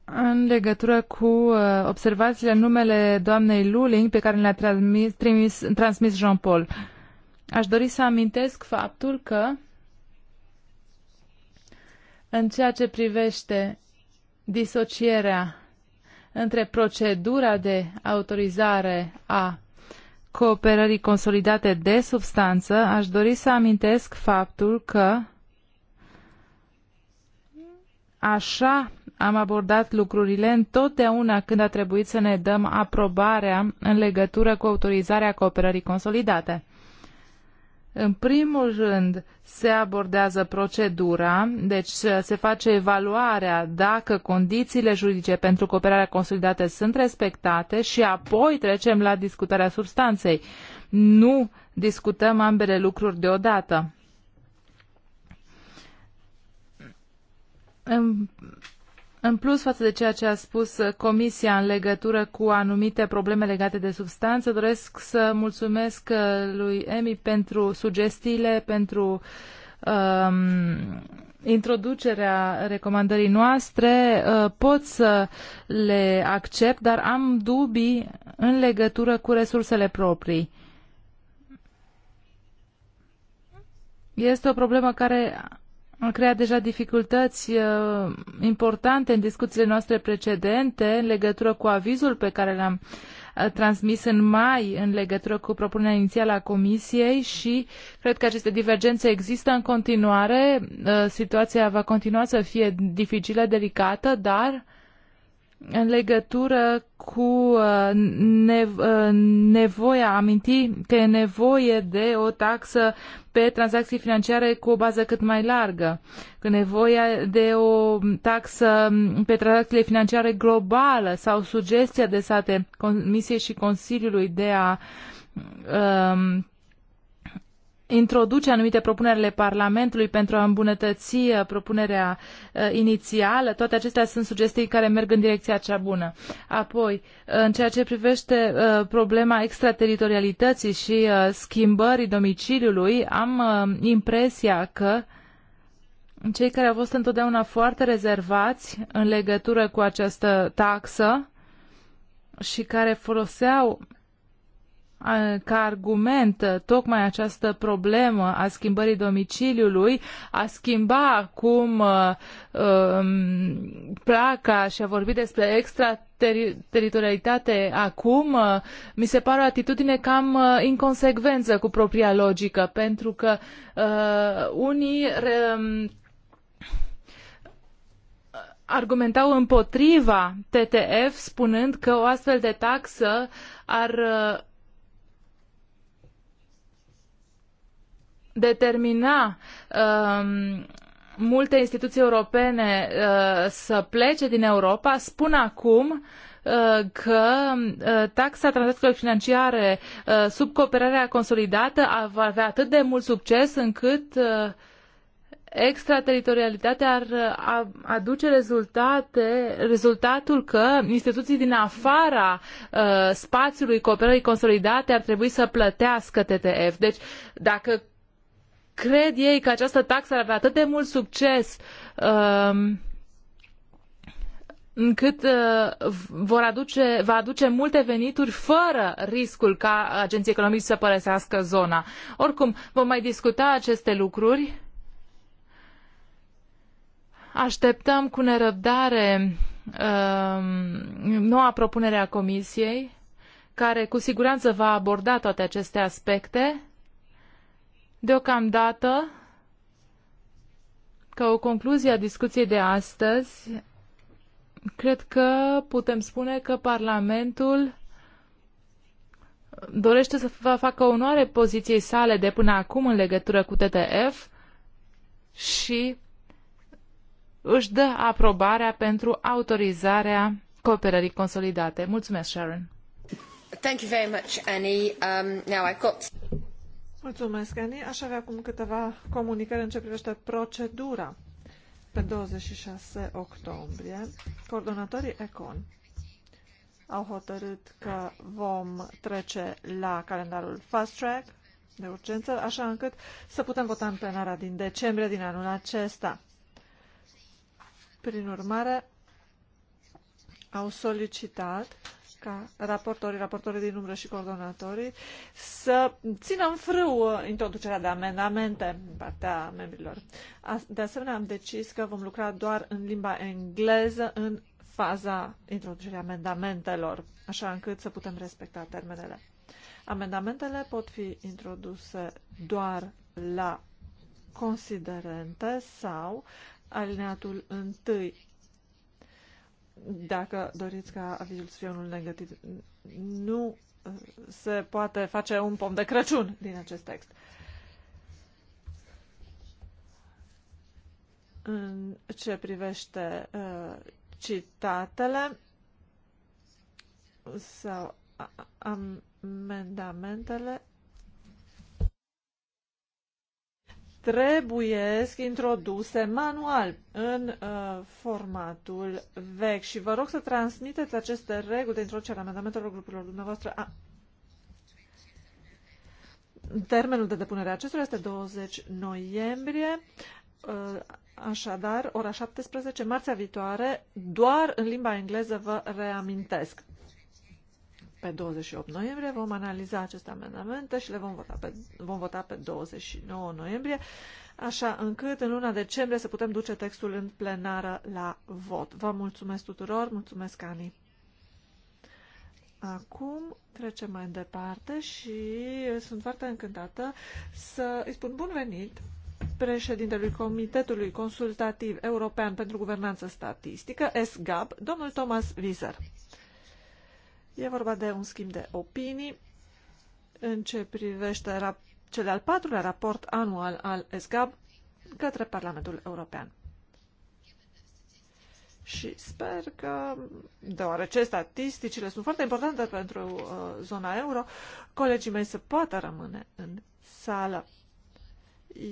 în legătură cu uh, observațiile în numele doamnei Luling pe care le-a transmis, trimis, transmis Jean-Paul. Aș dori să amintesc faptul că în ceea ce privește disocierea între procedura de autorizare a cooperării consolidate de substanță, aș dori să amintesc faptul că așa am abordat lucrurile întotdeauna când a trebuit să ne dăm aprobarea în legătură cu autorizarea cooperării consolidate. În primul rând, se abordează procedura, deci se face evaluarea dacă condițiile juridice pentru cooperarea consolidată sunt respectate și apoi trecem la discutarea substanței. Nu discutăm ambele lucruri deodată. În plus, față de ceea ce a spus uh, Comisia în legătură cu anumite probleme legate de substanță, doresc să mulțumesc uh, lui Emi pentru sugestiile, pentru um, introducerea recomandării noastre. Uh, pot să le accept, dar am dubii în legătură cu resursele proprii. Este o problemă care a creat deja dificultăți uh, importante în discuțiile noastre precedente în legătură cu avizul pe care l-am uh, transmis în mai în legătură cu propunerea inițială a Comisiei și cred că aceste divergențe există în continuare. Uh, situația va continua să fie dificilă, delicată, dar în legătură cu uh, uh, nevoia, aminti că e nevoie de o taxă pe tranzacții financiare cu o bază cât mai largă, că nevoia de o taxă pe tranzacțiile financiare globală sau sugestia de state Comisiei și Consiliului de a um, introduce anumite propuneri ale Parlamentului pentru a îmbunătăți uh, propunerea uh, inițială. Toate acestea sunt sugestii care merg în direcția cea bună. Apoi, în ceea ce privește uh, problema extrateritorialității și schimbării domiciliului, am impresia că cei care au fost întotdeauna foarte rezervați în legătură cu această taxă și care foloseau ca argument tocmai această problemă a schimbării domiciliului, a schimba cum uh, um, placa și a vorbit despre extrateritorialitate acum, uh, mi se pare o atitudine cam uh, inconsecvență cu propria logică, pentru că uh, unii re, um, argumentau împotriva TTF spunând că o astfel de taxă ar uh, determina um, multe instituții europene uh, să plece din Europa, spun acum uh, că uh, taxa tranzacțiilor financiare uh, sub cooperarea consolidată va avea atât de mult succes încât extrateritorialitatea ar aduce rezultate, rezultatul că instituții din afara spațiului cooperării consolidate ar trebui să plătească TTF. Deci, dacă cred ei că această taxă ar avea atât de mult succes um, încât uh, vor aduce, va aduce multe venituri fără riscul ca agenții economici să părăsească zona. Oricum, vom mai discuta aceste lucruri. Așteptăm cu nerăbdare uh, noua propunere a Comisiei, care cu siguranță va aborda toate aceste aspecte Deocamdată, ca o concluzie a discuției de astăzi, cred că putem spune că Parlamentul dorește să facă onoare poziției sale de până acum în legătură cu TTF și își dă aprobarea pentru autorizarea cooperării consolidate. Mulțumesc, Sharon! Thank you very much, Annie. Um, now I've got... Mulțumesc, Ani. Aș avea acum câteva comunicări în ce privește procedura. Pe 26 octombrie, coordonatorii ECON au hotărât că vom trece la calendarul fast track de urgență, așa încât să putem vota în plenara din decembrie din anul acesta. Prin urmare, au solicitat ca raportorii, raportorii din umbră și coordonatorii să țină în frâu uh, introducerea de amendamente în partea membrilor. De asemenea, am decis că vom lucra doar în limba engleză în faza introducerii amendamentelor, așa încât să putem respecta termenele. Amendamentele pot fi introduse doar la considerente sau alineatul întâi dacă doriți ca avizul să fie unul negativ, nu uh, se poate face un pom de Crăciun din acest text. În ce privește uh, citatele sau amendamentele, trebuie introduse manual în uh, formatul vechi și vă rog să transmiteți aceste reguli de introducere a amendamentelor grupurilor dumneavoastră. A. Termenul de depunere a acestora este 20 noiembrie, uh, așadar, ora 17, marțea viitoare, doar în limba engleză vă reamintesc pe 28 noiembrie, vom analiza aceste amendamente și le vom vota pe, vom vota pe 29 noiembrie, așa încât în luna decembrie să putem duce textul în plenară la vot. Vă mulțumesc tuturor, mulțumesc Ani. Acum trecem mai departe și sunt foarte încântată să îi spun bun venit președintelui Comitetului Consultativ European pentru Guvernanță Statistică, SGAB, domnul Thomas Wieser. E vorba de un schimb de opinii în ce privește cel al patrulea raport anual al ESGAB către Parlamentul European. Și sper că, deoarece statisticile sunt foarte importante pentru uh, zona euro, colegii mei se poată rămâne în sală.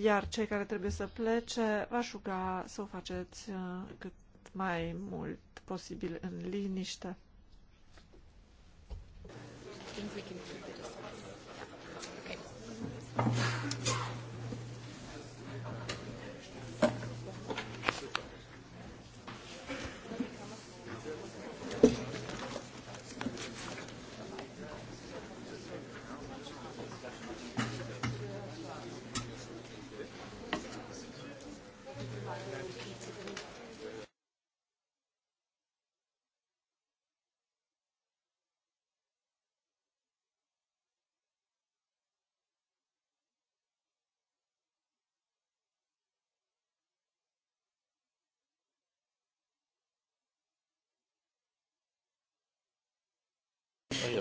Iar cei care trebuie să plece, v-aș ruga să o faceți uh, cât mai mult posibil în liniște think we can keep the discussion. Okay.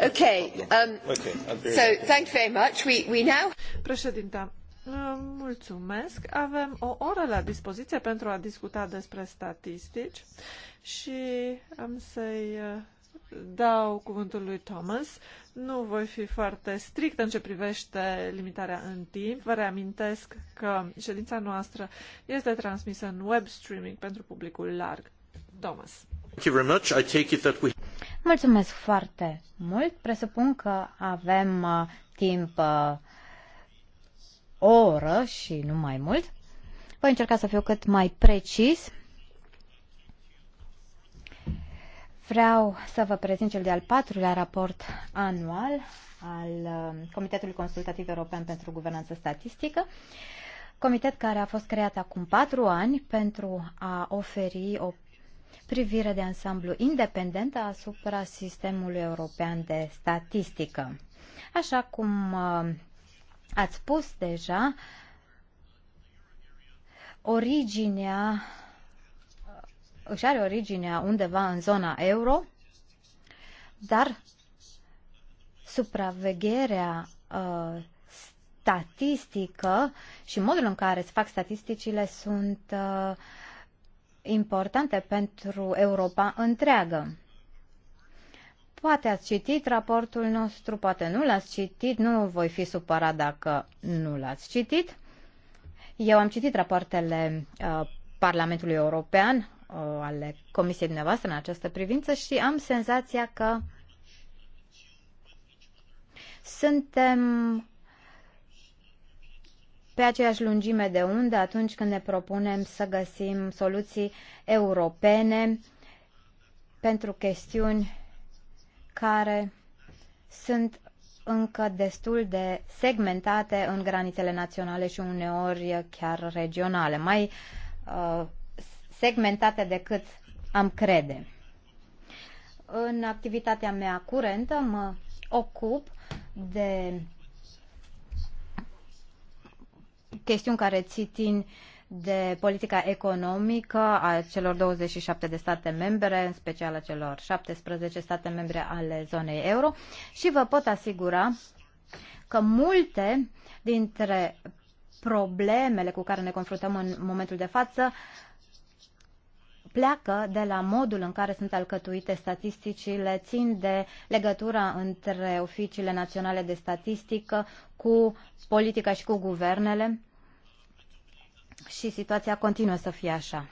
Okay. Um, so, thank you very much. We, we now... Președinta, uh, mulțumesc. Avem o oră la dispoziție pentru a discuta despre statistici și am să-i uh, dau cuvântul lui Thomas. Nu voi fi foarte strict în ce privește limitarea în timp. Vă reamintesc că ședința noastră este transmisă în web streaming pentru publicul larg. Thomas. Thank you very much. I take it that we... Mulțumesc foarte mult. Presupun că avem uh, timp uh, o oră și nu mai mult. Voi încerca să fiu cât mai precis. Vreau să vă prezint cel de-al patrulea raport anual al uh, Comitetului Consultativ European pentru Guvernanță Statistică, comitet care a fost creat acum patru ani pentru a oferi o privire de ansamblu independentă asupra sistemului european de statistică. Așa cum uh, ați spus deja, originea își are originea undeva în zona euro, dar supravegherea uh, statistică și modul în care se fac statisticile sunt uh, importante pentru Europa întreagă. Poate ați citit raportul nostru, poate nu l-ați citit, nu voi fi supărat dacă nu l-ați citit. Eu am citit rapoartele uh, Parlamentului European, uh, ale Comisiei dumneavoastră în această privință și am senzația că suntem pe aceeași lungime de undă atunci când ne propunem să găsim soluții europene pentru chestiuni care sunt încă destul de segmentate în granițele naționale și uneori chiar regionale, mai uh, segmentate decât am crede. În activitatea mea curentă mă ocup de chestiuni care țin de politica economică a celor 27 de state membre, în special a celor 17 state membre ale zonei euro și vă pot asigura că multe dintre problemele cu care ne confruntăm în momentul de față pleacă de la modul în care sunt alcătuite statisticile, țin de legătura între oficiile naționale de statistică cu politica și cu guvernele și situația continuă să fie așa.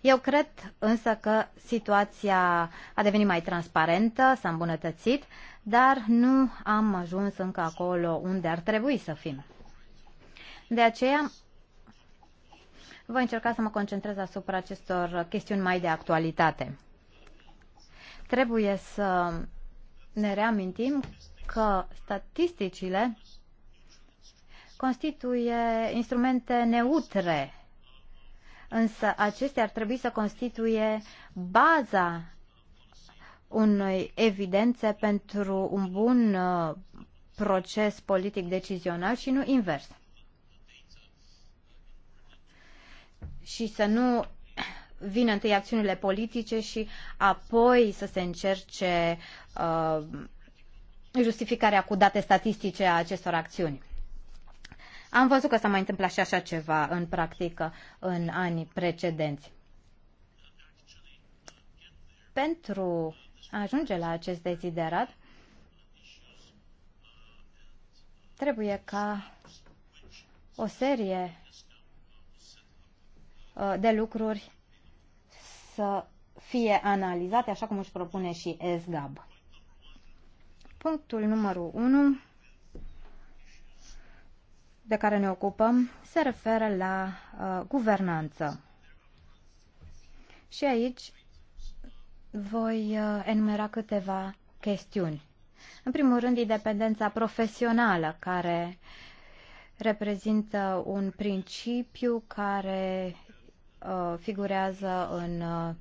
Eu cred însă că situația a devenit mai transparentă, s-a îmbunătățit, dar nu am ajuns încă acolo unde ar trebui să fim. De aceea voi încerca să mă concentrez asupra acestor chestiuni mai de actualitate. Trebuie să ne reamintim că statisticile constituie instrumente neutre, însă acestea ar trebui să constituie baza unei evidențe pentru un bun uh, proces politic decizional și nu invers. și să nu vină întâi acțiunile politice și apoi să se încerce uh, justificarea cu date statistice a acestor acțiuni. Am văzut că s-a mai întâmplat și așa ceva în practică în anii precedenți. Pentru a ajunge la acest deziderat, trebuie ca o serie Uh, de lucruri să fie analizate așa cum își propune și SGAB. Punctul numărul 1 de care ne ocupăm se referă la uh, guvernanță. Și aici voi uh, enumera câteva chestiuni. În primul rând, independența profesională, care reprezintă un principiu care Uh, figurează în uh,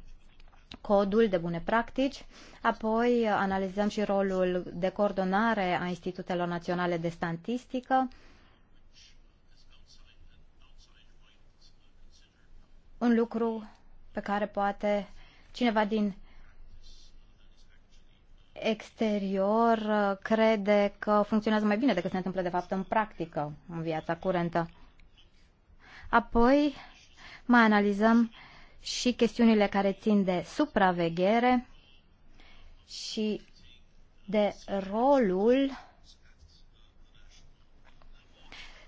codul de bune practici, apoi uh, analizăm și rolul de coordonare a Institutelor Naționale de Statistică, un lucru pe care poate cineva din exterior crede că funcționează mai bine decât se întâmplă de fapt în practică, în viața curentă. Apoi, mai analizăm și chestiunile care țin de supraveghere și de rolul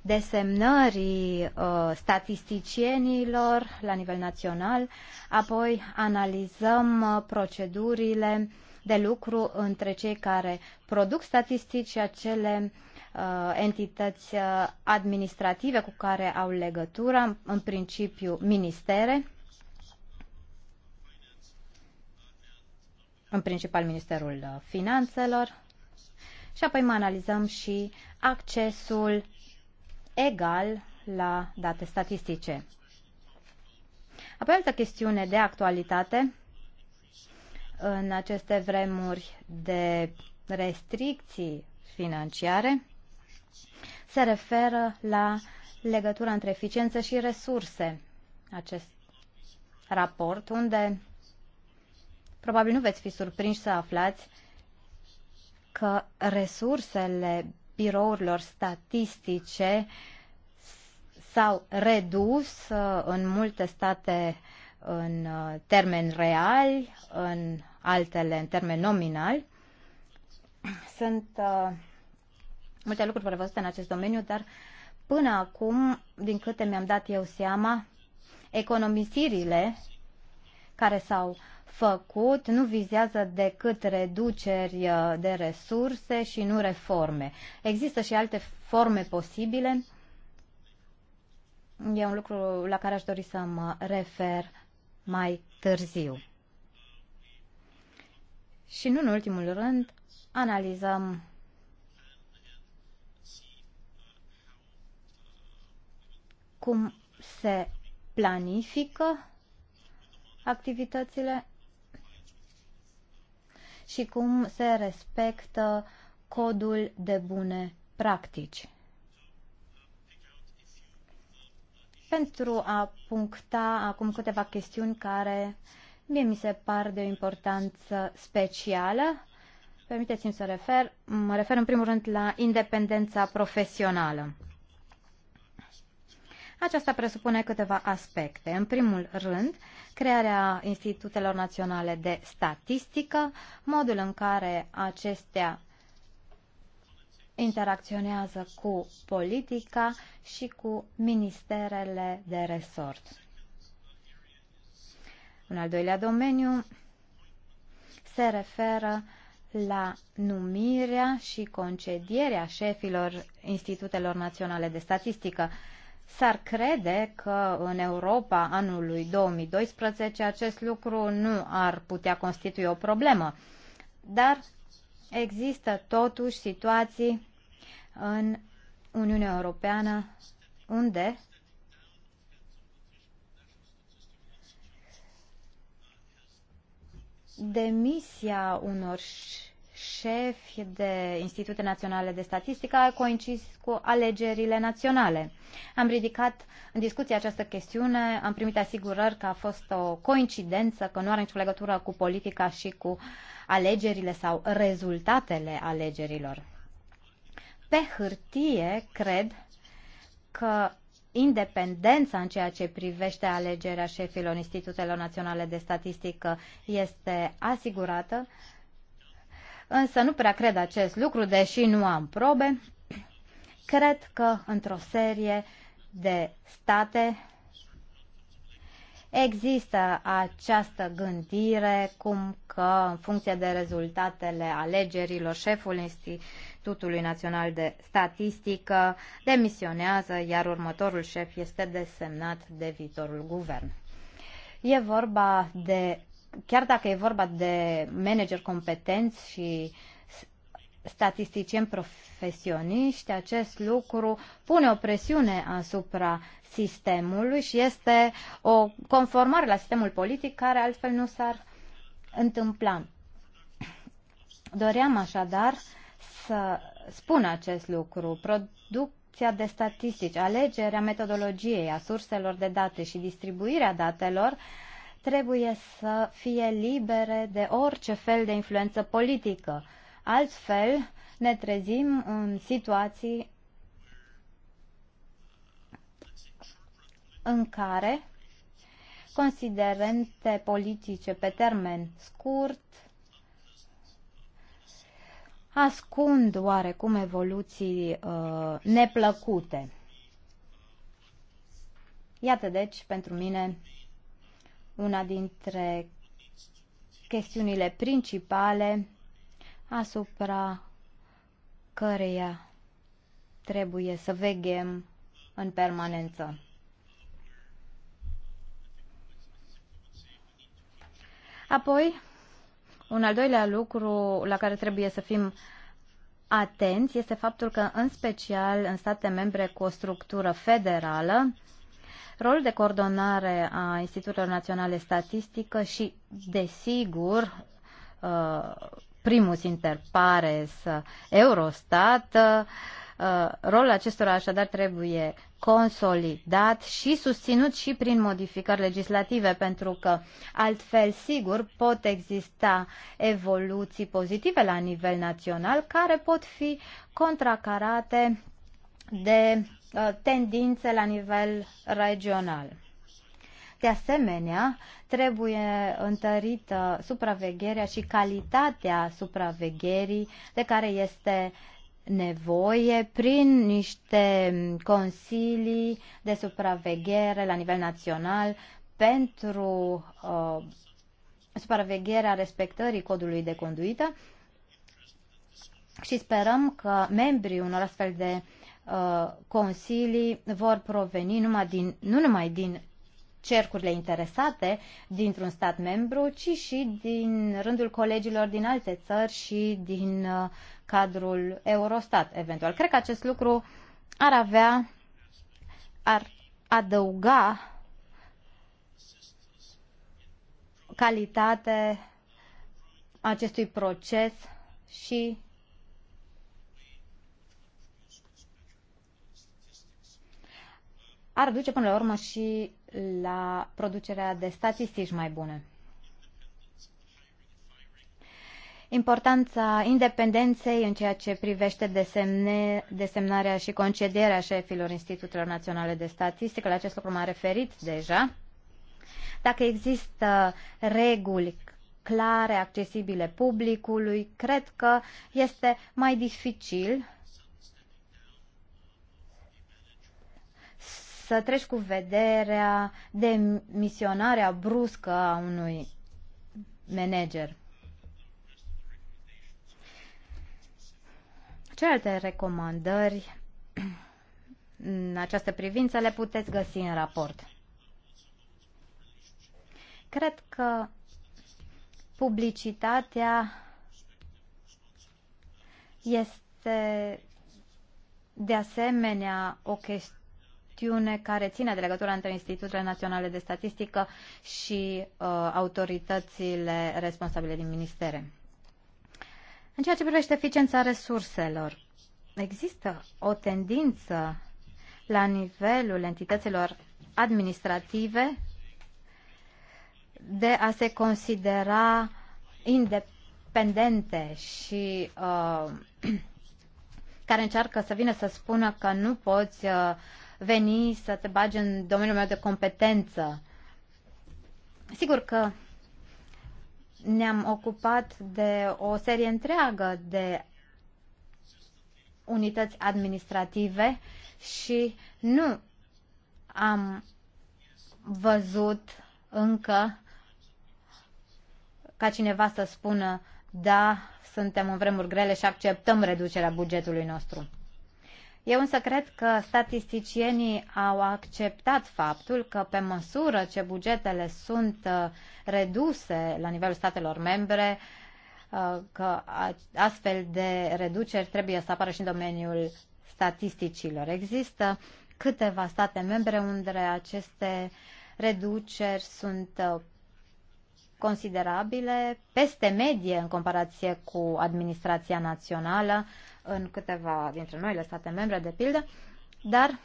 desemnării uh, statisticienilor la nivel național, apoi analizăm uh, procedurile de lucru între cei care produc statistici și acele uh, uh, entități uh, administrative cu care au legătura, în principiu ministere, în principal Ministerul uh, Finanțelor, și apoi mai analizăm și accesul egal la date statistice. Apoi altă chestiune de actualitate în aceste vremuri de restricții financiare se referă la legătura între eficiență și resurse. Acest raport, unde probabil nu veți fi surprinși să aflați că resursele birourilor statistice s-au redus uh, în multe state în uh, termeni reali, în altele în termeni nominali. Sunt uh, multe lucruri prevăzute în acest domeniu, dar până acum, din câte mi-am dat eu seama, economisirile care s-au făcut nu vizează decât reduceri uh, de resurse și nu reforme. Există și alte forme posibile. E un lucru la care aș dori să mă refer mai târziu. Și nu în ultimul rând, analizăm cum se planifică activitățile și cum se respectă codul de bune practici. Pentru a puncta acum câteva chestiuni care mie mi se par de o importanță specială, permiteți-mi să refer, mă refer în primul rând la independența profesională. Aceasta presupune câteva aspecte. În primul rând, crearea institutelor naționale de statistică, modul în care acestea interacționează cu politica și cu ministerele de resort. Un al doilea domeniu se referă la numirea și concedierea șefilor Institutelor Naționale de Statistică s-ar crede că în Europa anului 2012 acest lucru nu ar putea constitui o problemă. Dar există totuși situații în Uniunea Europeană unde demisia unor șefi de Institute Naționale de Statistică a coincis cu alegerile naționale. Am ridicat în discuție această chestiune, am primit asigurări că a fost o coincidență, că nu are nicio legătură cu politica și cu alegerile sau rezultatele alegerilor. Pe hârtie, cred că independența în ceea ce privește alegerea șefilor Institutelor Naționale de Statistică este asigurată, însă nu prea cred acest lucru, deși nu am probe. Cred că într-o serie de state există această gândire cum că în funcție de rezultatele alegerilor șeful Institutului Național de Statistică demisionează, iar următorul șef este desemnat de viitorul guvern. E vorba de chiar dacă e vorba de manager competenți și statisticieni profesioniști, acest lucru pune o presiune asupra sistemului și este o conformare la sistemul politic care altfel nu s-ar întâmpla. Doream așadar să spun acest lucru. Producția de statistici, alegerea metodologiei, a surselor de date și distribuirea datelor uh, trebuie să fie libere de orice fel de influență politică. Altfel, ne trezim în situații în care considerente politice pe termen scurt ascund oarecum evoluții uh, neplăcute. Iată deci pentru mine una dintre chestiunile principale asupra căreia trebuie să veghem în permanență. Apoi, un al doilea lucru la care trebuie să fim atenți este faptul că, în special în state membre cu o structură federală, rol de coordonare a Institutelor Naționale Statistică și, desigur, uh, primus inter pares Eurostat, uh, rolul acestora așadar trebuie consolidat și susținut și prin modificări legislative, pentru că altfel, sigur, pot exista evoluții pozitive la nivel național care pot fi contracarate de Uh, tendințe la nivel regional. De asemenea, trebuie întărită supravegherea și calitatea supravegherii de care este nevoie prin niște consilii de supraveghere la nivel național pentru uh, supravegherea respectării codului de conduită și sperăm că membrii unor astfel de uh, Uh, consilii vor proveni numai din, nu numai din cercurile interesate dintr-un stat membru, ci și din rândul colegilor din alte țări și din uh, cadrul Eurostat, eventual. Cred că acest lucru ar avea, ar adăuga calitate acestui proces și ar duce până la urmă și la producerea de statistici mai bune. Importanța independenței în ceea ce privește desemne, desemnarea și concedierea șefilor Institutelor Naționale de Statistică, la acest lucru m-am referit deja. Dacă există reguli clare, accesibile publicului, cred că este mai dificil să treci cu vederea misionarea bruscă a unui manager. Alte recomandări în această privință le puteți găsi în raport. Cred că publicitatea este de asemenea o chestie chestiune care ține de legătura între Institutele Naționale de Statistică și uh, autoritățile responsabile din ministere. În ceea ce privește eficiența resurselor, există o tendință la nivelul entităților administrative de a se considera independente și uh, *clears throat* care încearcă să vină să spună că nu poți uh, veni să te bagi în domeniul meu de competență. Sigur că ne-am ocupat de o serie întreagă de unități administrative și nu am văzut încă ca cineva să spună da, suntem în vremuri grele și acceptăm reducerea bugetului nostru. Eu însă cred că statisticienii au acceptat faptul că pe măsură ce bugetele sunt uh, reduse la nivelul statelor membre, uh, că astfel de reduceri trebuie să apară și în domeniul statisticilor. Există câteva state membre unde aceste reduceri sunt uh, considerabile, peste medie în comparație cu administrația națională în câteva dintre noile state membre, de pildă, dar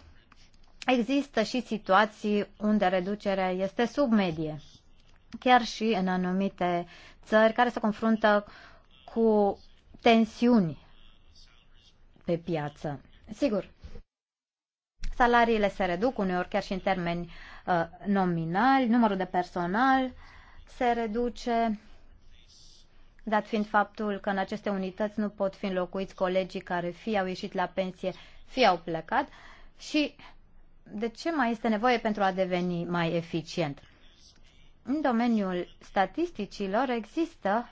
există și situații unde reducerea este sub medie, chiar și în anumite țări care se confruntă cu tensiuni pe piață. Sigur, salariile se reduc uneori chiar și în termeni uh, nominali, numărul de personal uh, se reduce, dat fiind faptul că în aceste unități nu pot fi înlocuiți colegii care fie au ieșit la pensie, fie au plecat și de ce mai este nevoie pentru a deveni mai eficient? În domeniul statisticilor există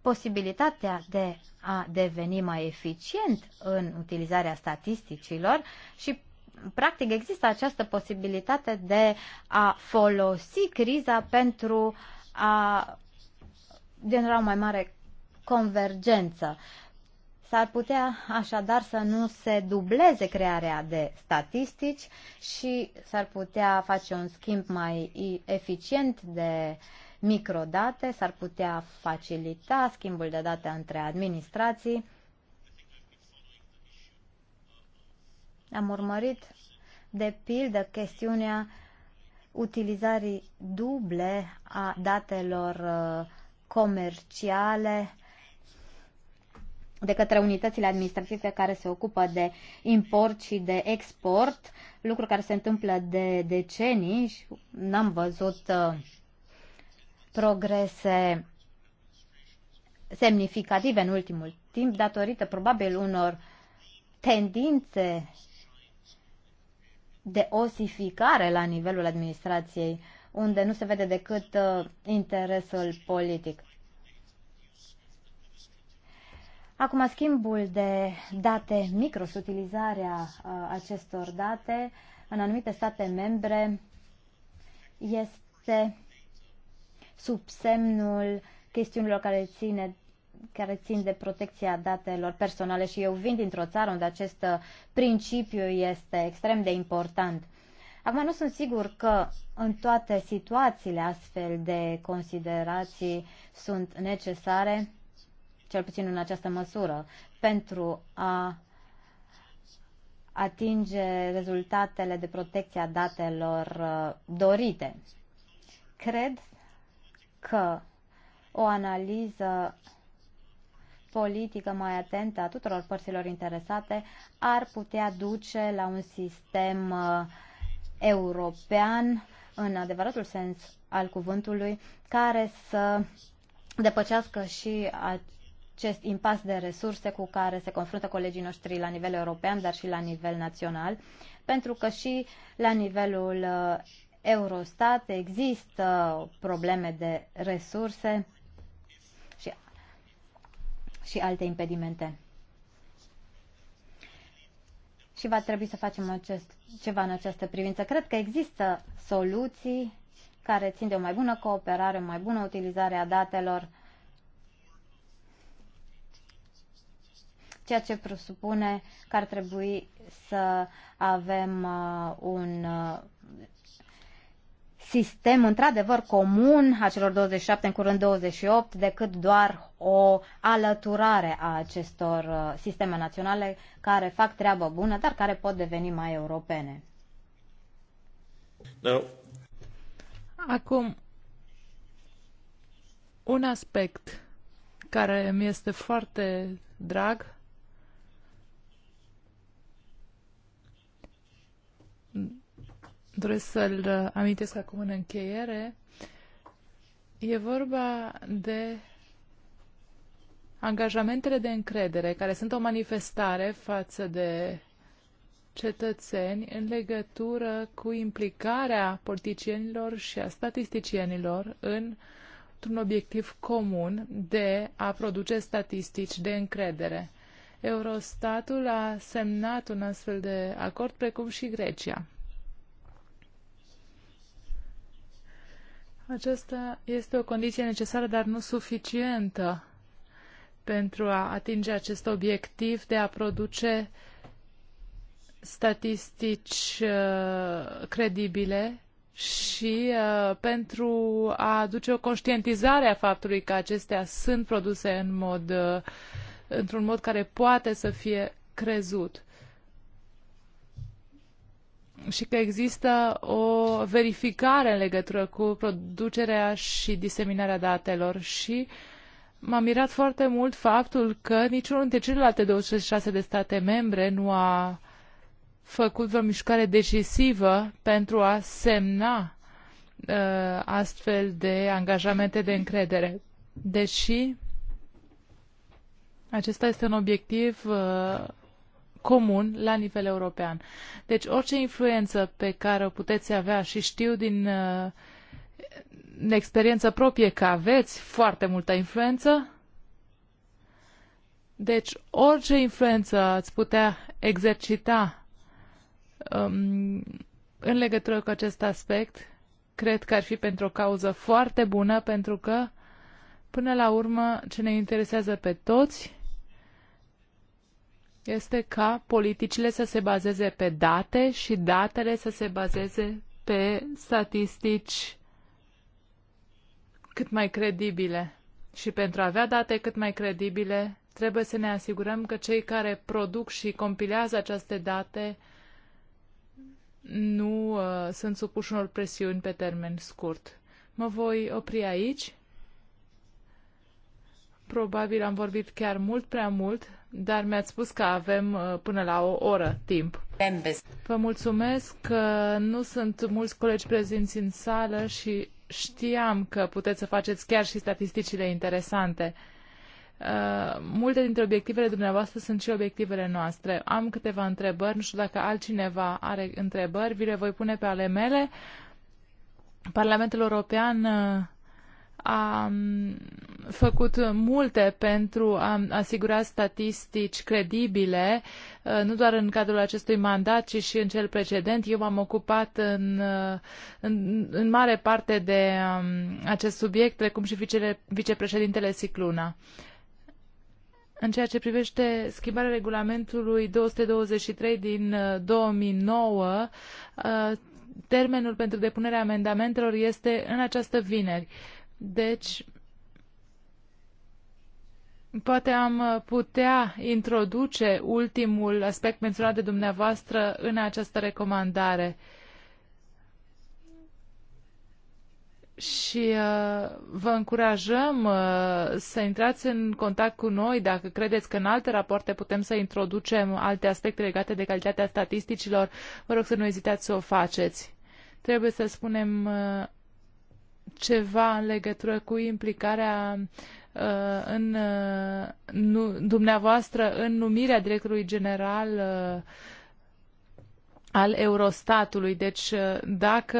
posibilitatea de a deveni mai eficient în utilizarea statisticilor și practic există această posibilitate de a folosi criza pentru a genera o mai mare convergență. S-ar putea așadar să nu se dubleze crearea de statistici și s-ar putea face un schimb mai eficient de microdate, s-ar putea facilita schimbul de date între administrații Am urmărit, de pildă, chestiunea utilizării duble a datelor uh, comerciale de către unitățile administrative care se ocupă de import și de export, lucru care se întâmplă de decenii și n-am văzut uh, progrese semnificative în ultimul timp, datorită probabil unor tendințe de osificare la nivelul administrației, unde nu se vede decât uh, interesul politic. Acum, schimbul de date micros, utilizarea uh, acestor date în anumite state membre este sub semnul chestiunilor care ține care țin de protecția datelor personale și eu vin dintr-o țară unde acest uh, principiu este extrem de important. Acum nu sunt sigur că în toate situațiile astfel de considerații sunt necesare, cel puțin în această măsură, pentru a atinge rezultatele de protecție a datelor uh, dorite. Cred că o analiză politică mai atentă a tuturor părților interesate ar putea duce la un sistem uh, european, în adevăratul sens al cuvântului, care să depăcească și acest impas de resurse cu care se confruntă colegii noștri la nivel european, dar și la nivel național, pentru că și la nivelul uh, Eurostat există probleme de resurse și alte impedimente. Și va trebui să facem acest, ceva în această privință. Cred că există soluții care țin de o mai bună cooperare, o mai bună utilizare a datelor, ceea ce presupune că ar trebui să avem uh, un uh, sistem într-adevăr comun a celor 27, în curând 28, decât doar o alăturare a acestor uh, sisteme naționale care fac treabă bună, dar care pot deveni mai europene. No. Acum, un aspect care mi este foarte drag doresc să-l uh, amintesc acum în încheiere. E vorba de angajamentele de încredere, care sunt o manifestare față de cetățeni în legătură cu implicarea politicienilor și a statisticienilor în un obiectiv comun de a produce statistici de încredere. Eurostatul a semnat un astfel de acord, precum și Grecia. Aceasta este o condiție necesară, dar nu suficientă pentru a atinge acest obiectiv de a produce statistici uh, credibile și uh, pentru a aduce o conștientizare a faptului că acestea sunt produse în mod, uh, într-un mod care poate să fie crezut și că există o verificare în legătură cu producerea și diseminarea datelor și m-a mirat foarte mult faptul că niciunul dintre celelalte 26 de state membre nu a făcut vreo mișcare decisivă pentru a semna uh, astfel de angajamente de încredere. Deși acesta este un obiectiv uh, comun la nivel european. Deci orice influență pe care o puteți avea și știu din uh, experiență proprie că aveți foarte multă influență, deci orice influență ați putea exercita um, în legătură cu acest aspect, cred că ar fi pentru o cauză foarte bună, pentru că, până la urmă, ce ne interesează pe toți este ca politicile să se bazeze pe date și datele să se bazeze pe statistici cât mai credibile. Și pentru a avea date cât mai credibile, trebuie să ne asigurăm că cei care produc și compilează aceste date nu uh, sunt supuși unor presiuni pe termen scurt. Mă voi opri aici Probabil am vorbit chiar mult prea mult, dar mi-ați spus că avem uh, până la o oră timp. Vă mulțumesc că nu sunt mulți colegi prezenți în sală și știam că puteți să faceți chiar și statisticile interesante. Uh, multe dintre obiectivele dumneavoastră sunt și obiectivele noastre. Am câteva întrebări, nu știu dacă altcineva are întrebări, vi le voi pune pe ale mele. Parlamentul European uh, a făcut multe pentru a asigura statistici credibile, uh, nu doar în cadrul acestui mandat, ci și în cel precedent. Eu m-am ocupat în, uh, în, în mare parte de um, acest subiect, precum și vice, vicepreședintele Sicluna. În ceea ce privește schimbarea regulamentului 223 din 2009, uh, termenul pentru depunerea amendamentelor este în această vineri. Deci, poate am putea introduce ultimul aspect menționat de dumneavoastră în această recomandare. și uh, vă încurajăm uh, să intrați în contact cu noi dacă credeți că în alte rapoarte putem să introducem alte aspecte legate de calitatea statisticilor. Vă rog să nu ezitați să o faceți. Trebuie să spunem uh, ceva în legătură cu implicarea uh, în uh, nu, dumneavoastră în numirea directorului general uh, al Eurostatului. Deci, uh, dacă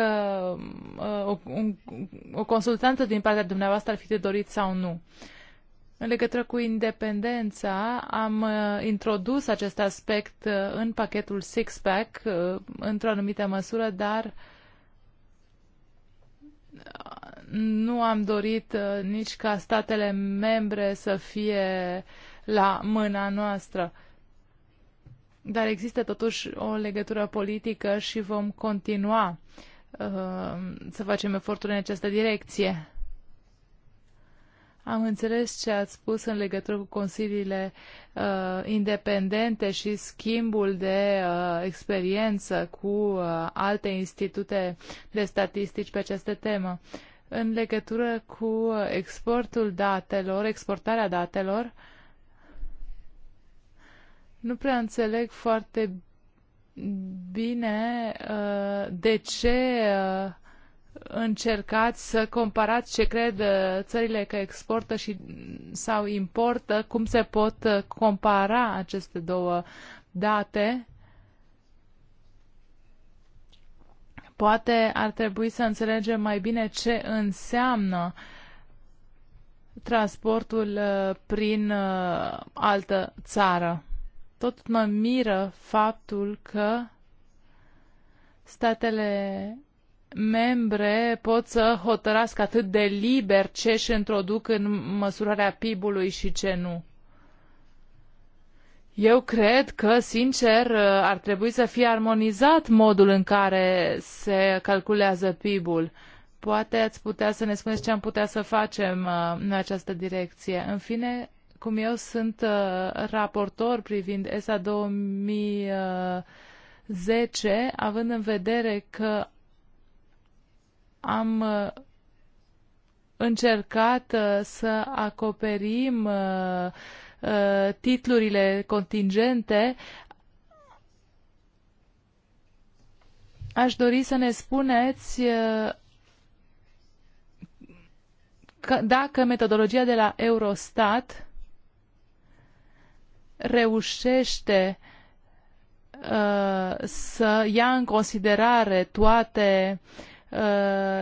uh, o, un, o consultantă din partea dumneavoastră ar fi de dorit sau nu. În legătură cu independența, am uh, introdus acest aspect în pachetul six-pack într-o anumită măsură, dar nu am dorit uh, nici ca statele membre să fie la mâna noastră. Dar există totuși o legătură politică și vom continua uh, să facem eforturi în această direcție. Am înțeles ce ați spus în legătură cu consiliile uh, independente și schimbul de uh, experiență cu uh, alte institute de statistici pe această temă. Uh, în legătură cu exportul datelor, exportarea datelor. Nu prea înțeleg foarte bine uh, de ce uh, încercați să comparați ce cred uh, țările că exportă și, sau importă, cum se pot compara aceste două date Poate ar trebui să înțelegem mai bine ce înseamnă transportul uh, prin uh, altă țară. Tot mă miră faptul că statele membre pot să hotărască atât de liber ce își introduc în măsurarea PIB-ului și ce nu. Eu cred că, sincer, ar trebui să fie armonizat modul în care se calculează PIB-ul. Poate ați putea să ne spuneți ce am putea să facem uh, în această direcție. În fine, cum eu sunt uh, raportor privind ESA 2010, uh, având în vedere că am încercat să acoperim Uh, titlurile contingente, aș dori să ne spuneți uh, că dacă metodologia de la Eurostat reușește uh, să ia în considerare toate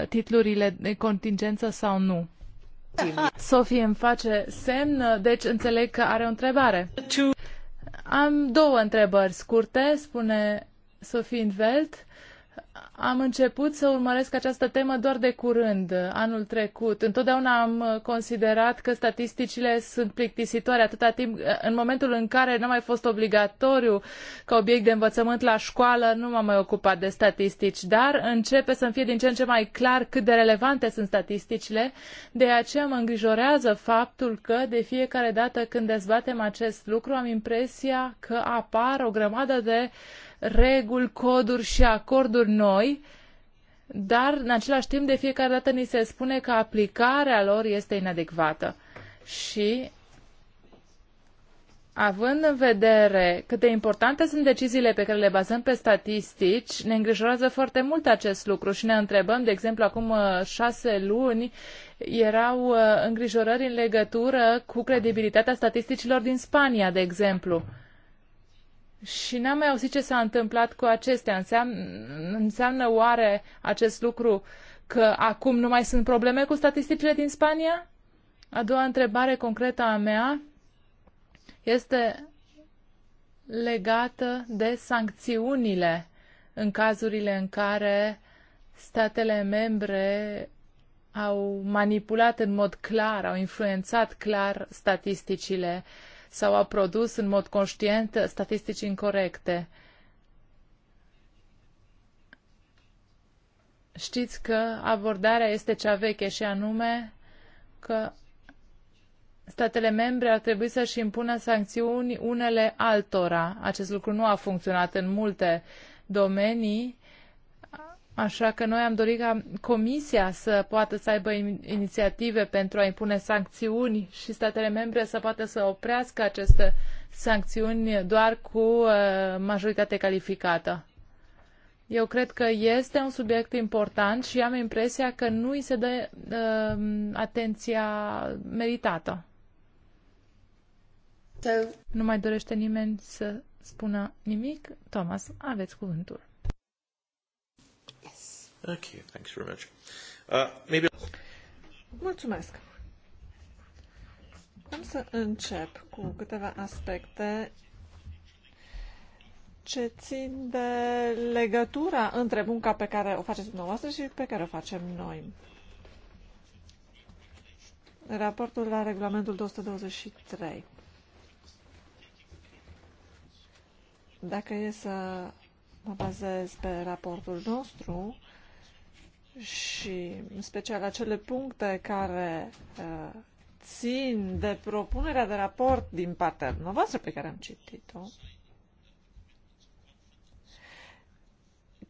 titlurile de contingență sau nu. *laughs* Sofie îmi face semn, deci înțeleg că are o întrebare. Am două întrebări scurte, spune Sofie Invelt. Am început să urmăresc această temă doar de curând, anul trecut. Întotdeauna am considerat că statisticile sunt plictisitoare atâta timp, în momentul în care nu a mai fost obligatoriu ca obiect de învățământ la școală, nu m-am mai ocupat de statistici, dar începe să-mi fie din ce în ce mai clar cât de relevante sunt statisticile, de aceea mă îngrijorează faptul că de fiecare dată când dezbatem acest lucru am impresia că apar o grămadă de uh, reguli, coduri și acorduri noi, dar în același timp de fiecare dată ni se spune că aplicarea lor este inadecvată. Și Având în vedere cât de importante sunt deciziile pe care le bazăm pe statistici, ne îngrijorează foarte mult acest lucru și ne întrebăm, de exemplu, acum uh, șase luni erau uh, îngrijorări în legătură cu credibilitatea statisticilor din Spania, de exemplu. Și n-am mai auzit ce s-a întâmplat cu acestea. Înseamnă, înseamnă oare acest lucru că acum nu mai sunt probleme cu statisticile din Spania? A doua întrebare concretă a mea este legată de sancțiunile în cazurile în care statele membre au manipulat în mod clar, au influențat clar statisticile uh, sau au produs în mod conștient statistici incorrecte. Știți că abordarea este cea veche și anume că statele membre ar trebui să-și impună sancțiuni unele altora. Acest lucru nu a funcționat în multe domenii Așa că noi am dorit ca Comisia să poată să aibă inițiative pentru a impune sancțiuni și statele membre să poată să oprească aceste sancțiuni doar cu uh, majoritate calificată. Eu cred că este un subiect important și am impresia că nu îi se dă uh, atenția meritată. Nu mai dorește nimeni să spună nimic? Thomas, aveți cuvântul thanks very much. Uh, maybe... Mulțumesc. Am să încep cu câteva aspecte ce țin de legătura între munca pe care o faceți dumneavoastră și pe care o facem noi. Raportul la regulamentul 223. Dacă e să mă bazez pe raportul nostru, și în special acele puncte care uh, țin de propunerea de raport din partea noastră pe care am citit-o,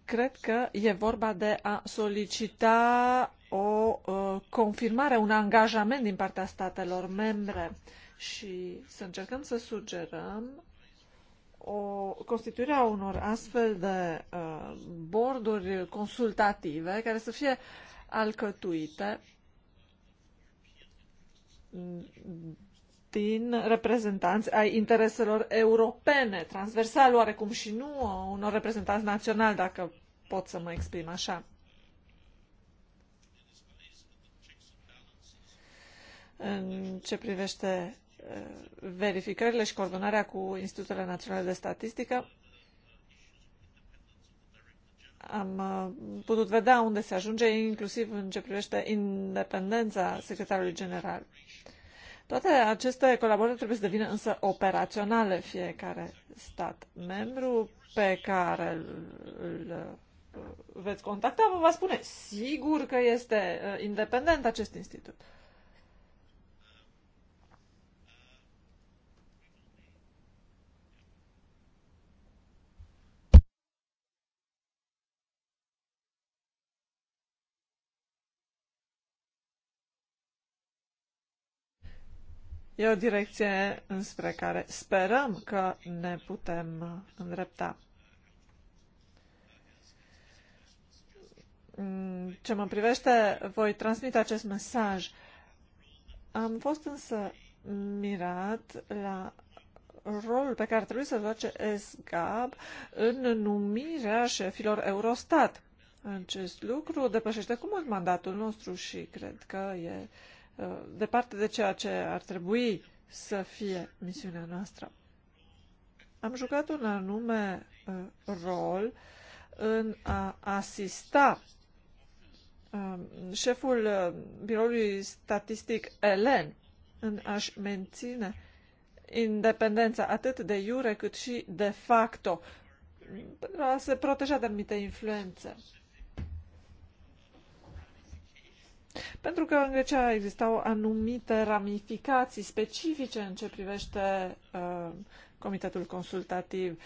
cred că e vorba de a solicita o uh, confirmare, un angajament din partea statelor membre și să încercăm să sugerăm o constituirea unor astfel de uh, borduri consultative care să fie alcătuite din reprezentanți ai intereselor europene, transversal oarecum și nu unor reprezentanți naționali, dacă pot să mă exprim așa. În ce privește Eh, verificările și coordonarea cu Institutele Naționale de Statistică, am eh, putut vedea unde se ajunge, inclusiv în ce privește independența secretarului general. Toate aceste colaborări trebuie să devină însă operaționale fiecare stat membru pe care îl eh, veți contacta, vă va spune sigur că este independent acest institut. E o direcție înspre care sperăm că ne putem îndrepta. Ce mă privește, voi transmite acest mesaj. Am fost însă mirat la rolul pe care trebuie să-l face SGAB în numirea șefilor Eurostat. Acest lucru depășește cu mult mandatul nostru și cred că e Uh, departe de ceea ce ar trebui să fie misiunea noastră. Am jucat un anume uh, rol în a asista um, șeful uh, biroului statistic Elen în a-și menține independența atât de iure cât și de facto pentru a se proteja de anumite influențe. Pentru că în Grecia existau anumite ramificații specifice în ce privește uh, Comitetul Consultativ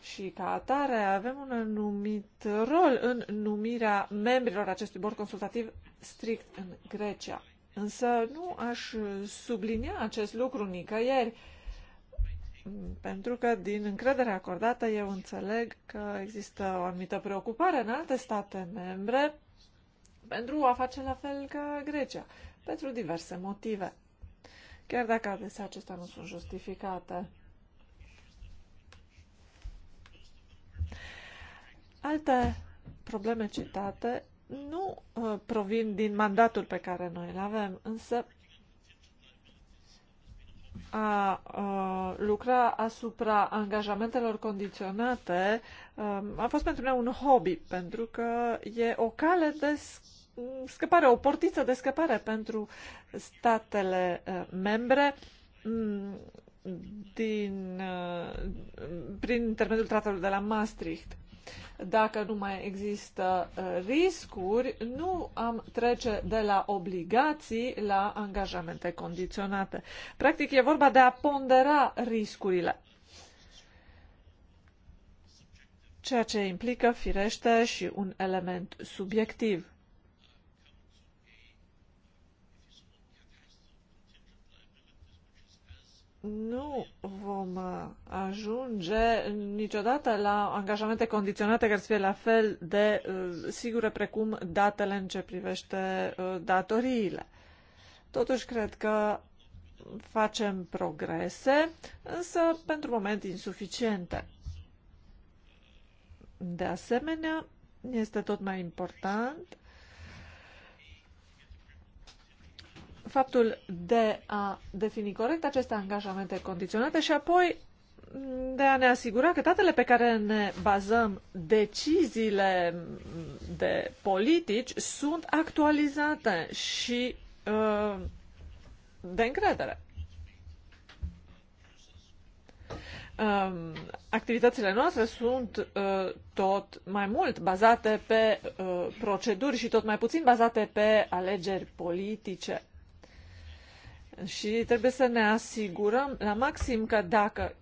și ca atare avem un anumit rol în numirea membrilor acestui bord consultativ strict în Grecia. Însă nu aș sublinia acest lucru nicăieri, pentru că din încredere acordată eu înțeleg că există o anumită preocupare în alte state membre pentru a face la fel ca Grecia, pentru diverse motive. Chiar dacă adesea acestea nu sunt justificate. Alte probleme citate nu uh, provin din mandatul pe care noi îl avem, însă a lucra asupra angajamentelor condiționate um, a fost pentru mine un hobby, pentru că e o cale de scăpare, o portiță de scăpare pentru statele uh, membre mm, din, uh, prin intermediul tratatului de la Maastricht. Dacă nu mai există uh, riscuri, nu am trece de la obligații la angajamente condiționate. Practic, e vorba de a pondera riscurile ceea ce implică, firește, și un element subiectiv. nu vom uh, ajunge niciodată la angajamente condiționate care să fie la fel de uh, sigure precum datele în ce privește uh, datoriile. Totuși, cred că facem progrese, însă pentru moment insuficiente. De asemenea, este tot mai important faptul de a defini corect aceste angajamente condiționate și apoi de a ne asigura că datele pe care ne bazăm deciziile de politici sunt actualizate și uh, de încredere. Um, activitățile noastre sunt uh, tot mai mult bazate pe uh, proceduri și tot mai puțin bazate pe alegeri politice. Și trebuie să ne asigurăm la maxim că dacă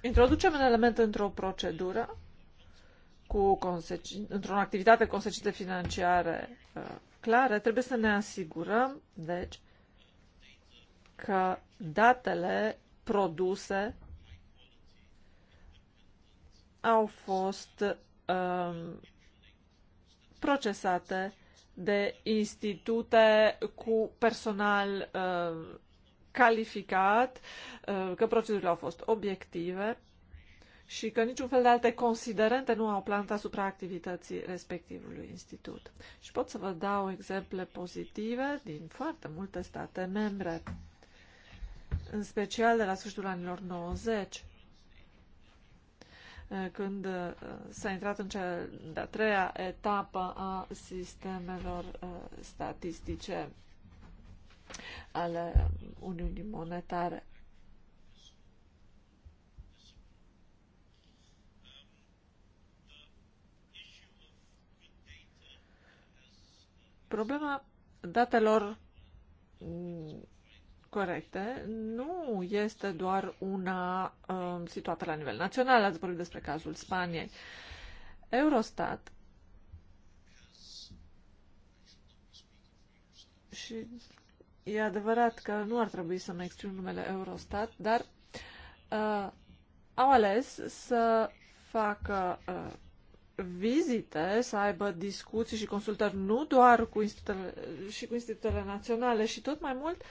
introducem un element într-o procedură, cu într-o activitate cu consecințe financiare uh, clare, trebuie să ne asigurăm, deci, că datele produse au fost uh, procesate de institute cu personal uh, calificat, uh, că procedurile au fost obiective și că niciun fel de alte considerente nu au plant asupra activității respectivului institut. Și pot să vă dau exemple pozitive din foarte multe state membre, în special de la sfârșitul anilor 90 Eh, când eh, s-a intrat în cea de-a treia etapă a sistemelor eh, statistice ale Uniunii Monetare. Problema datelor corecte nu este doar una um, situată la nivel național. Ați vorbit despre cazul Spaniei. Eurostat și e adevărat că nu ar trebui să-mi exprim numele Eurostat, dar uh, au ales să facă uh, vizite, să aibă discuții și consultări nu doar cu institutele, și cu institutele naționale și tot mai mult uh,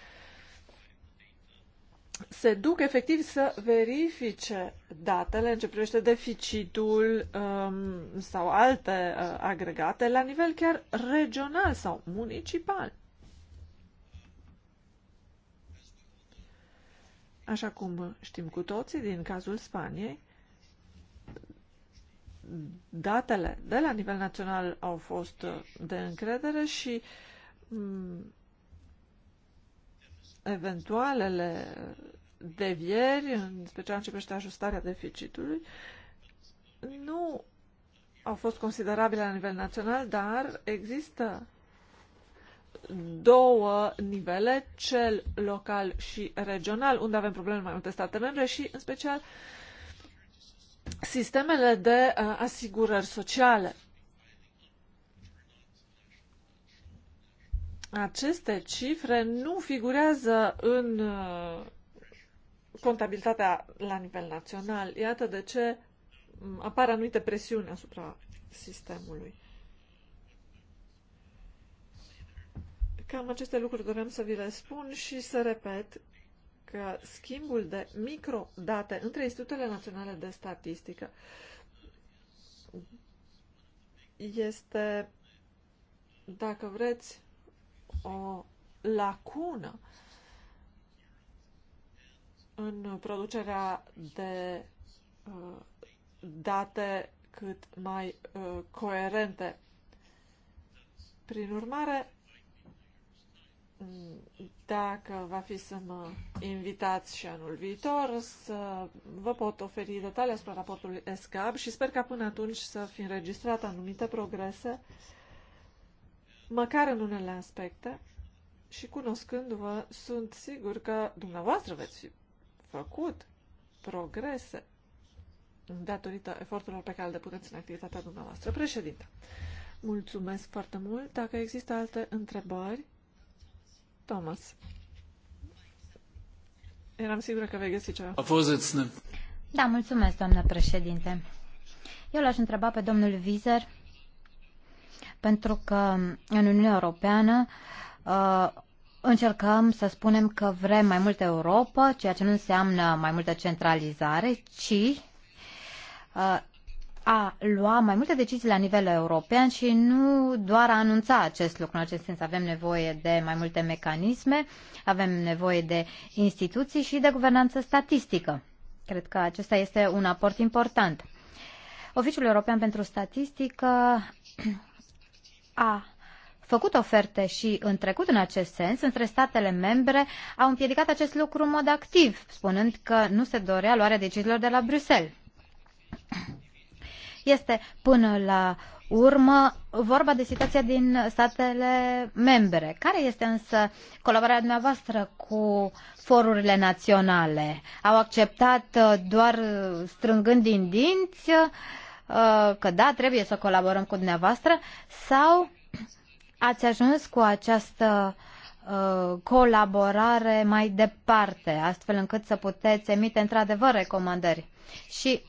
se duc efectiv să verifice datele în ce privește deficitul um, sau alte uh, agregate la nivel chiar regional sau municipal. Așa cum știm cu toții, din cazul Spaniei, datele de la nivel național au fost uh, de încredere și um, eventualele devieri, în special în ce privește ajustarea deficitului, nu au fost considerabile la nivel național, dar există două nivele, cel local și regional, unde avem probleme mai multe state membre și, în special, sistemele de uh, asigurări sociale. Aceste cifre nu figurează în uh, contabilitatea la nivel național. Iată de ce mm, apar anumite presiuni asupra sistemului. Cam aceste lucruri doream să vi le spun și să repet că schimbul de microdate între Institutele Naționale de Statistică este, dacă vreți, o lacună în producerea de uh, date cât mai uh, coerente. Prin urmare, dacă va fi să mă invitați și anul viitor, să vă pot oferi detalii asupra raportului ESCAB și sper ca până atunci să fi înregistrat anumite progrese uh, măcar în unele aspecte, și cunoscându-vă, sunt sigur că dumneavoastră veți fi făcut progrese datorită eforturilor pe care le puteți în activitatea dumneavoastră. Președinte, mulțumesc foarte mult. Dacă există alte întrebări, Thomas. Eram sigură că vei găsi ceva. Da, mulțumesc, doamnă președinte. Eu l-aș întreba pe domnul Vizer pentru că în Uniunea Europeană uh, încercăm să spunem că vrem mai multă Europa, ceea ce nu înseamnă mai multă centralizare, ci uh, a lua mai multe decizii la nivel european și nu doar a anunța acest lucru. În acest sens avem nevoie de mai multe mecanisme, avem nevoie de instituții și de guvernanță statistică. Cred că acesta este un aport important. Oficiul European pentru Statistică a făcut oferte și în trecut în acest sens, între statele membre au împiedicat acest lucru în mod activ, spunând că nu se dorea luarea deciziilor de la Bruxelles. Este până la urmă vorba de situația din statele membre. Care este însă colaborarea dumneavoastră cu forurile naționale? Au acceptat uh, doar uh, strângând din dinți? Uh, Uh, că da, trebuie să colaborăm cu dumneavoastră sau ați ajuns cu această uh, colaborare mai departe, astfel încât să puteți emite într-adevăr recomandări. Și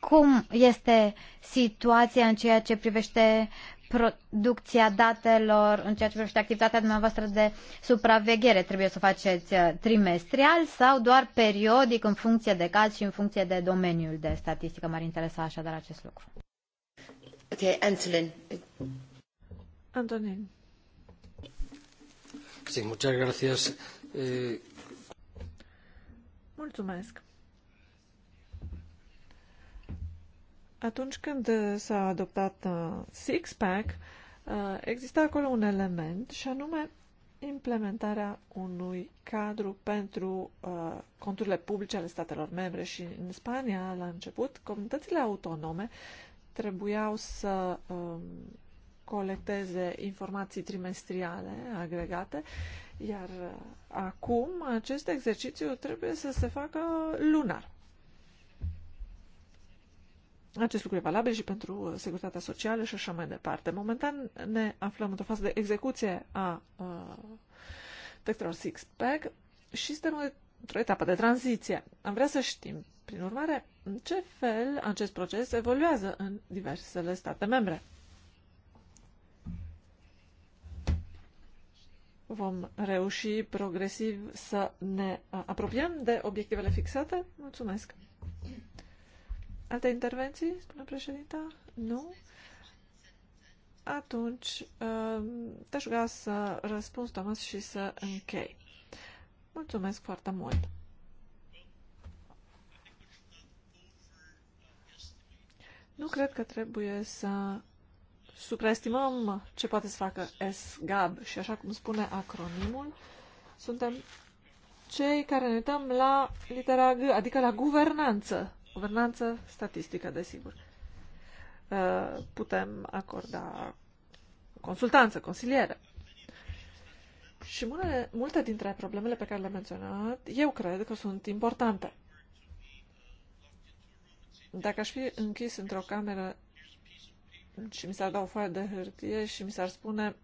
cum este situația în ceea ce privește producția datelor în ceea ce privește activitatea dumneavoastră de supraveghere? Trebuie să o faceți uh, trimestrial sau doar periodic în funcție de caz și în funcție de domeniul de statistică? M-ar interesa așadar acest lucru. Ok, Antonin. Antonin. Sí, muchas gracias. Eh, Mulțumesc. Atunci când uh, s-a adoptat uh, six-pack, uh, exista acolo un element și anume implementarea unui cadru pentru uh, conturile publice ale statelor membre și în Spania, la început, comunitățile autonome trebuiau să um, colecteze informații trimestriale agregate, iar uh, acum acest exercițiu trebuie să se facă lunar. Acest lucru e valabil și pentru uh, securitatea socială și așa mai departe. Momentan ne aflăm într-o fază de execuție a uh, textelor six-pack și suntem într-o etapă de tranziție. Am vrea să știm, prin urmare, în ce fel acest proces evoluează în diversele state membre. Vom reuși progresiv să ne uh, apropiem de obiectivele fixate? Mulțumesc! Alte intervenții, spune președinta? Nu? Atunci, uh, te-aș ruga să răspunzi, Thomas, și să închei. Mulțumesc foarte mult! Nu cred că trebuie să supraestimăm ce poate să facă SGAB și așa cum spune acronimul, suntem cei care ne uităm la litera G, adică la guvernanță guvernanță, statistică, desigur. Uh, putem acorda consultanță, consiliere. Și multe, multe dintre problemele pe care le-am menționat, eu cred că sunt importante. Dacă aș fi închis într-o cameră și mi s-ar da o foaie de hârtie și mi s-ar spune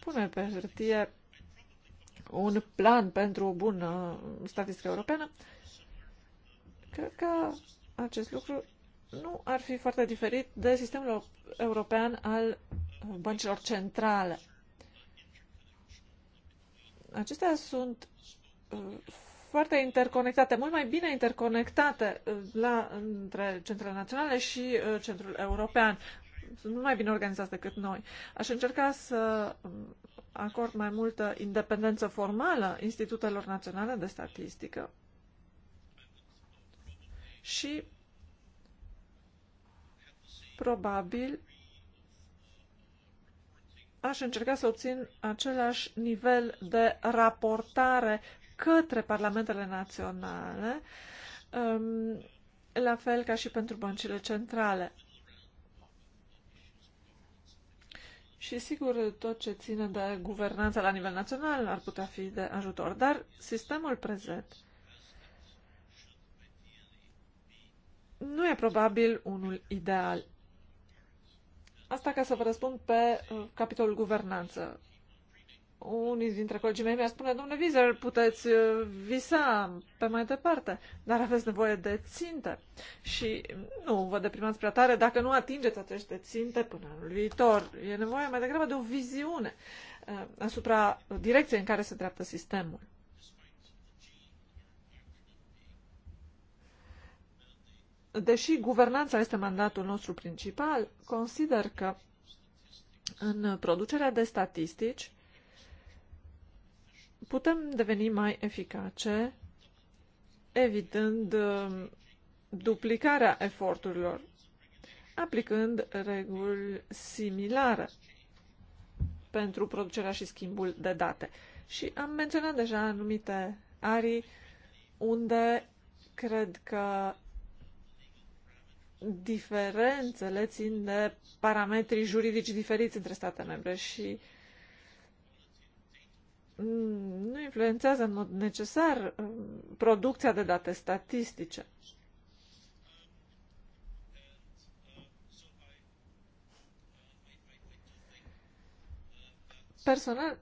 pune pe hârtie un plan pentru o bună statistică europeană, Cred că acest lucru nu ar fi foarte diferit de sistemul european al uh, băncilor centrale. Acestea sunt uh, foarte interconectate, mult mai bine interconectate uh, la, între centrele naționale și centrul european. Sunt mult mai bine organizate decât noi. Aș încerca să um, acord mai multă independență formală institutelor naționale de statistică și probabil aș încerca să obțin același nivel de raportare către parlamentele naționale, um, la fel ca și pentru băncile centrale. Și sigur, tot ce ține de guvernanță la nivel național ar putea fi de ajutor, dar sistemul prezent nu e probabil unul ideal. Asta ca să vă răspund pe uh, capitolul guvernanță. Unii dintre colegii mei mi-a spune, domnule Vizer, puteți uh, visa pe mai departe, dar aveți nevoie de ținte. Și mm, nu vă deprimați prea tare dacă nu atingeți aceste ținte până în viitor. E nevoie mai degrabă de o viziune uh, asupra direcției în care se dreaptă sistemul. deși guvernanța este mandatul nostru principal, consider că în producerea de statistici putem deveni mai eficace evitând um, duplicarea eforturilor, aplicând reguli similare pentru producerea și schimbul de date. Și am menționat deja anumite arii unde cred că diferențele țin de parametrii juridici diferiți între state membre și nu influențează în mod necesar um, producția de date statistice. Personal,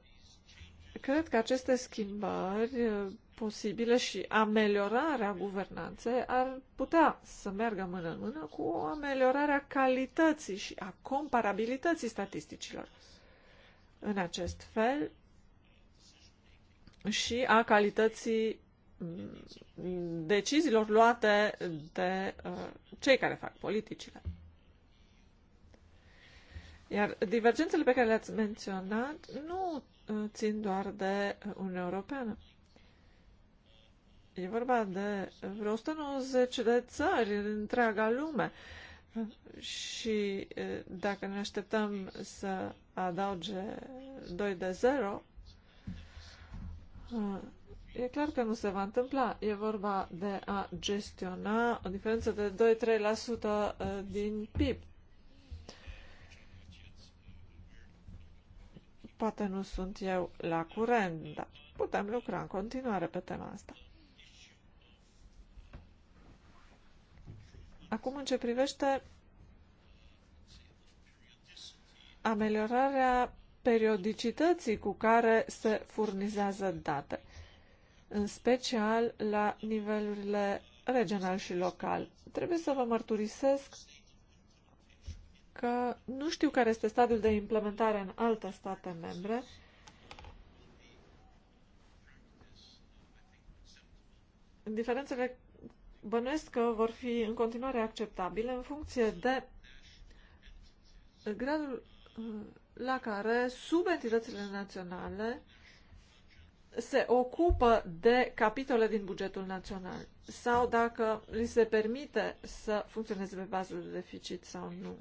cred că aceste schimbări uh, posibile și ameliorarea guvernanței ar putea să meargă mână în mână cu ameliorarea calității și a comparabilității statisticilor. În acest fel și a calității mm, deciziilor luate de uh, cei care fac politicile. Iar divergențele pe care le-ați menționat nu uh, țin doar de Uniunea Europeană. E vorba de vreo 190 de țări în întreaga lume. Și dacă ne așteptăm să adauge 2 de 0, e clar că nu se va întâmpla. E vorba de a gestiona o diferență de 2-3% din PIB. Poate nu sunt eu la curent, dar putem lucra în continuare pe tema asta. Acum, în ce privește ameliorarea periodicității cu care se furnizează date, în special la nivelurile regional și local. Trebuie să vă mărturisesc că nu știu care este stadiul de implementare în alte state membre, diferențele bănuiesc că vor fi în continuare acceptabile în funcție de gradul uh, la care subentitățile naționale se ocupă de capitole din bugetul național sau dacă li se permite să funcționeze pe bază de deficit sau nu.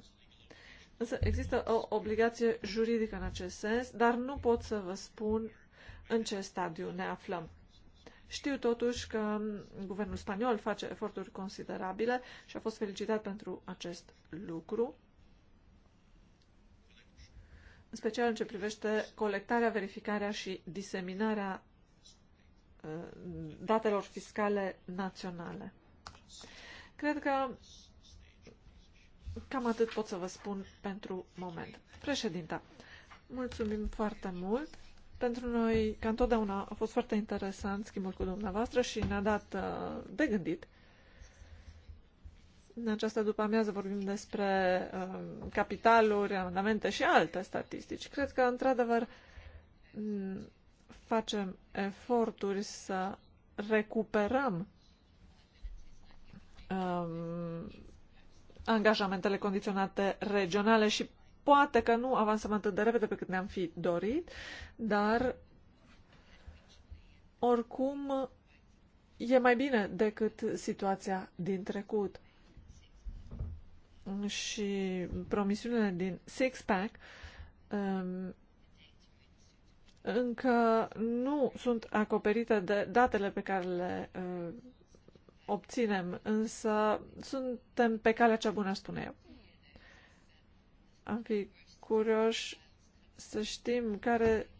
Însă există o obligație juridică în acest sens, dar nu pot să vă spun în ce stadiu ne aflăm. Știu totuși că guvernul spaniol face eforturi considerabile și a fost felicitat pentru acest lucru, în special în ce privește colectarea, verificarea și diseminarea uh, datelor fiscale naționale. Cred că cam atât pot să vă spun pentru moment. Președinta, mulțumim foarte mult. Pentru noi, ca întotdeauna, a fost foarte interesant schimbul cu dumneavoastră și ne-a dat uh, de gândit. În această după amiază vorbim despre uh, capitaluri, amendamente și alte statistici. Cred că, într-adevăr, mm, facem eforturi să recuperăm um, angajamentele condiționate regionale și Poate că nu avansăm atât de repede pe cât ne-am fi dorit, dar oricum e mai bine decât situația din trecut. Și promisiunile din six-pack um, încă nu sunt acoperite de datele pe care le uh, obținem, însă suntem pe calea cea bună, spune eu. Am fi curioși să știm care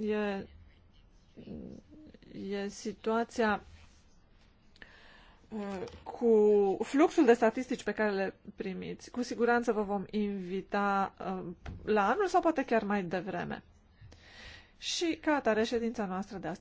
e, e situația uh, cu fluxul de statistici pe care le primiți. Cu siguranță vă vom invita uh, la anul sau poate chiar mai devreme. Și ca atare ședința noastră de astăzi.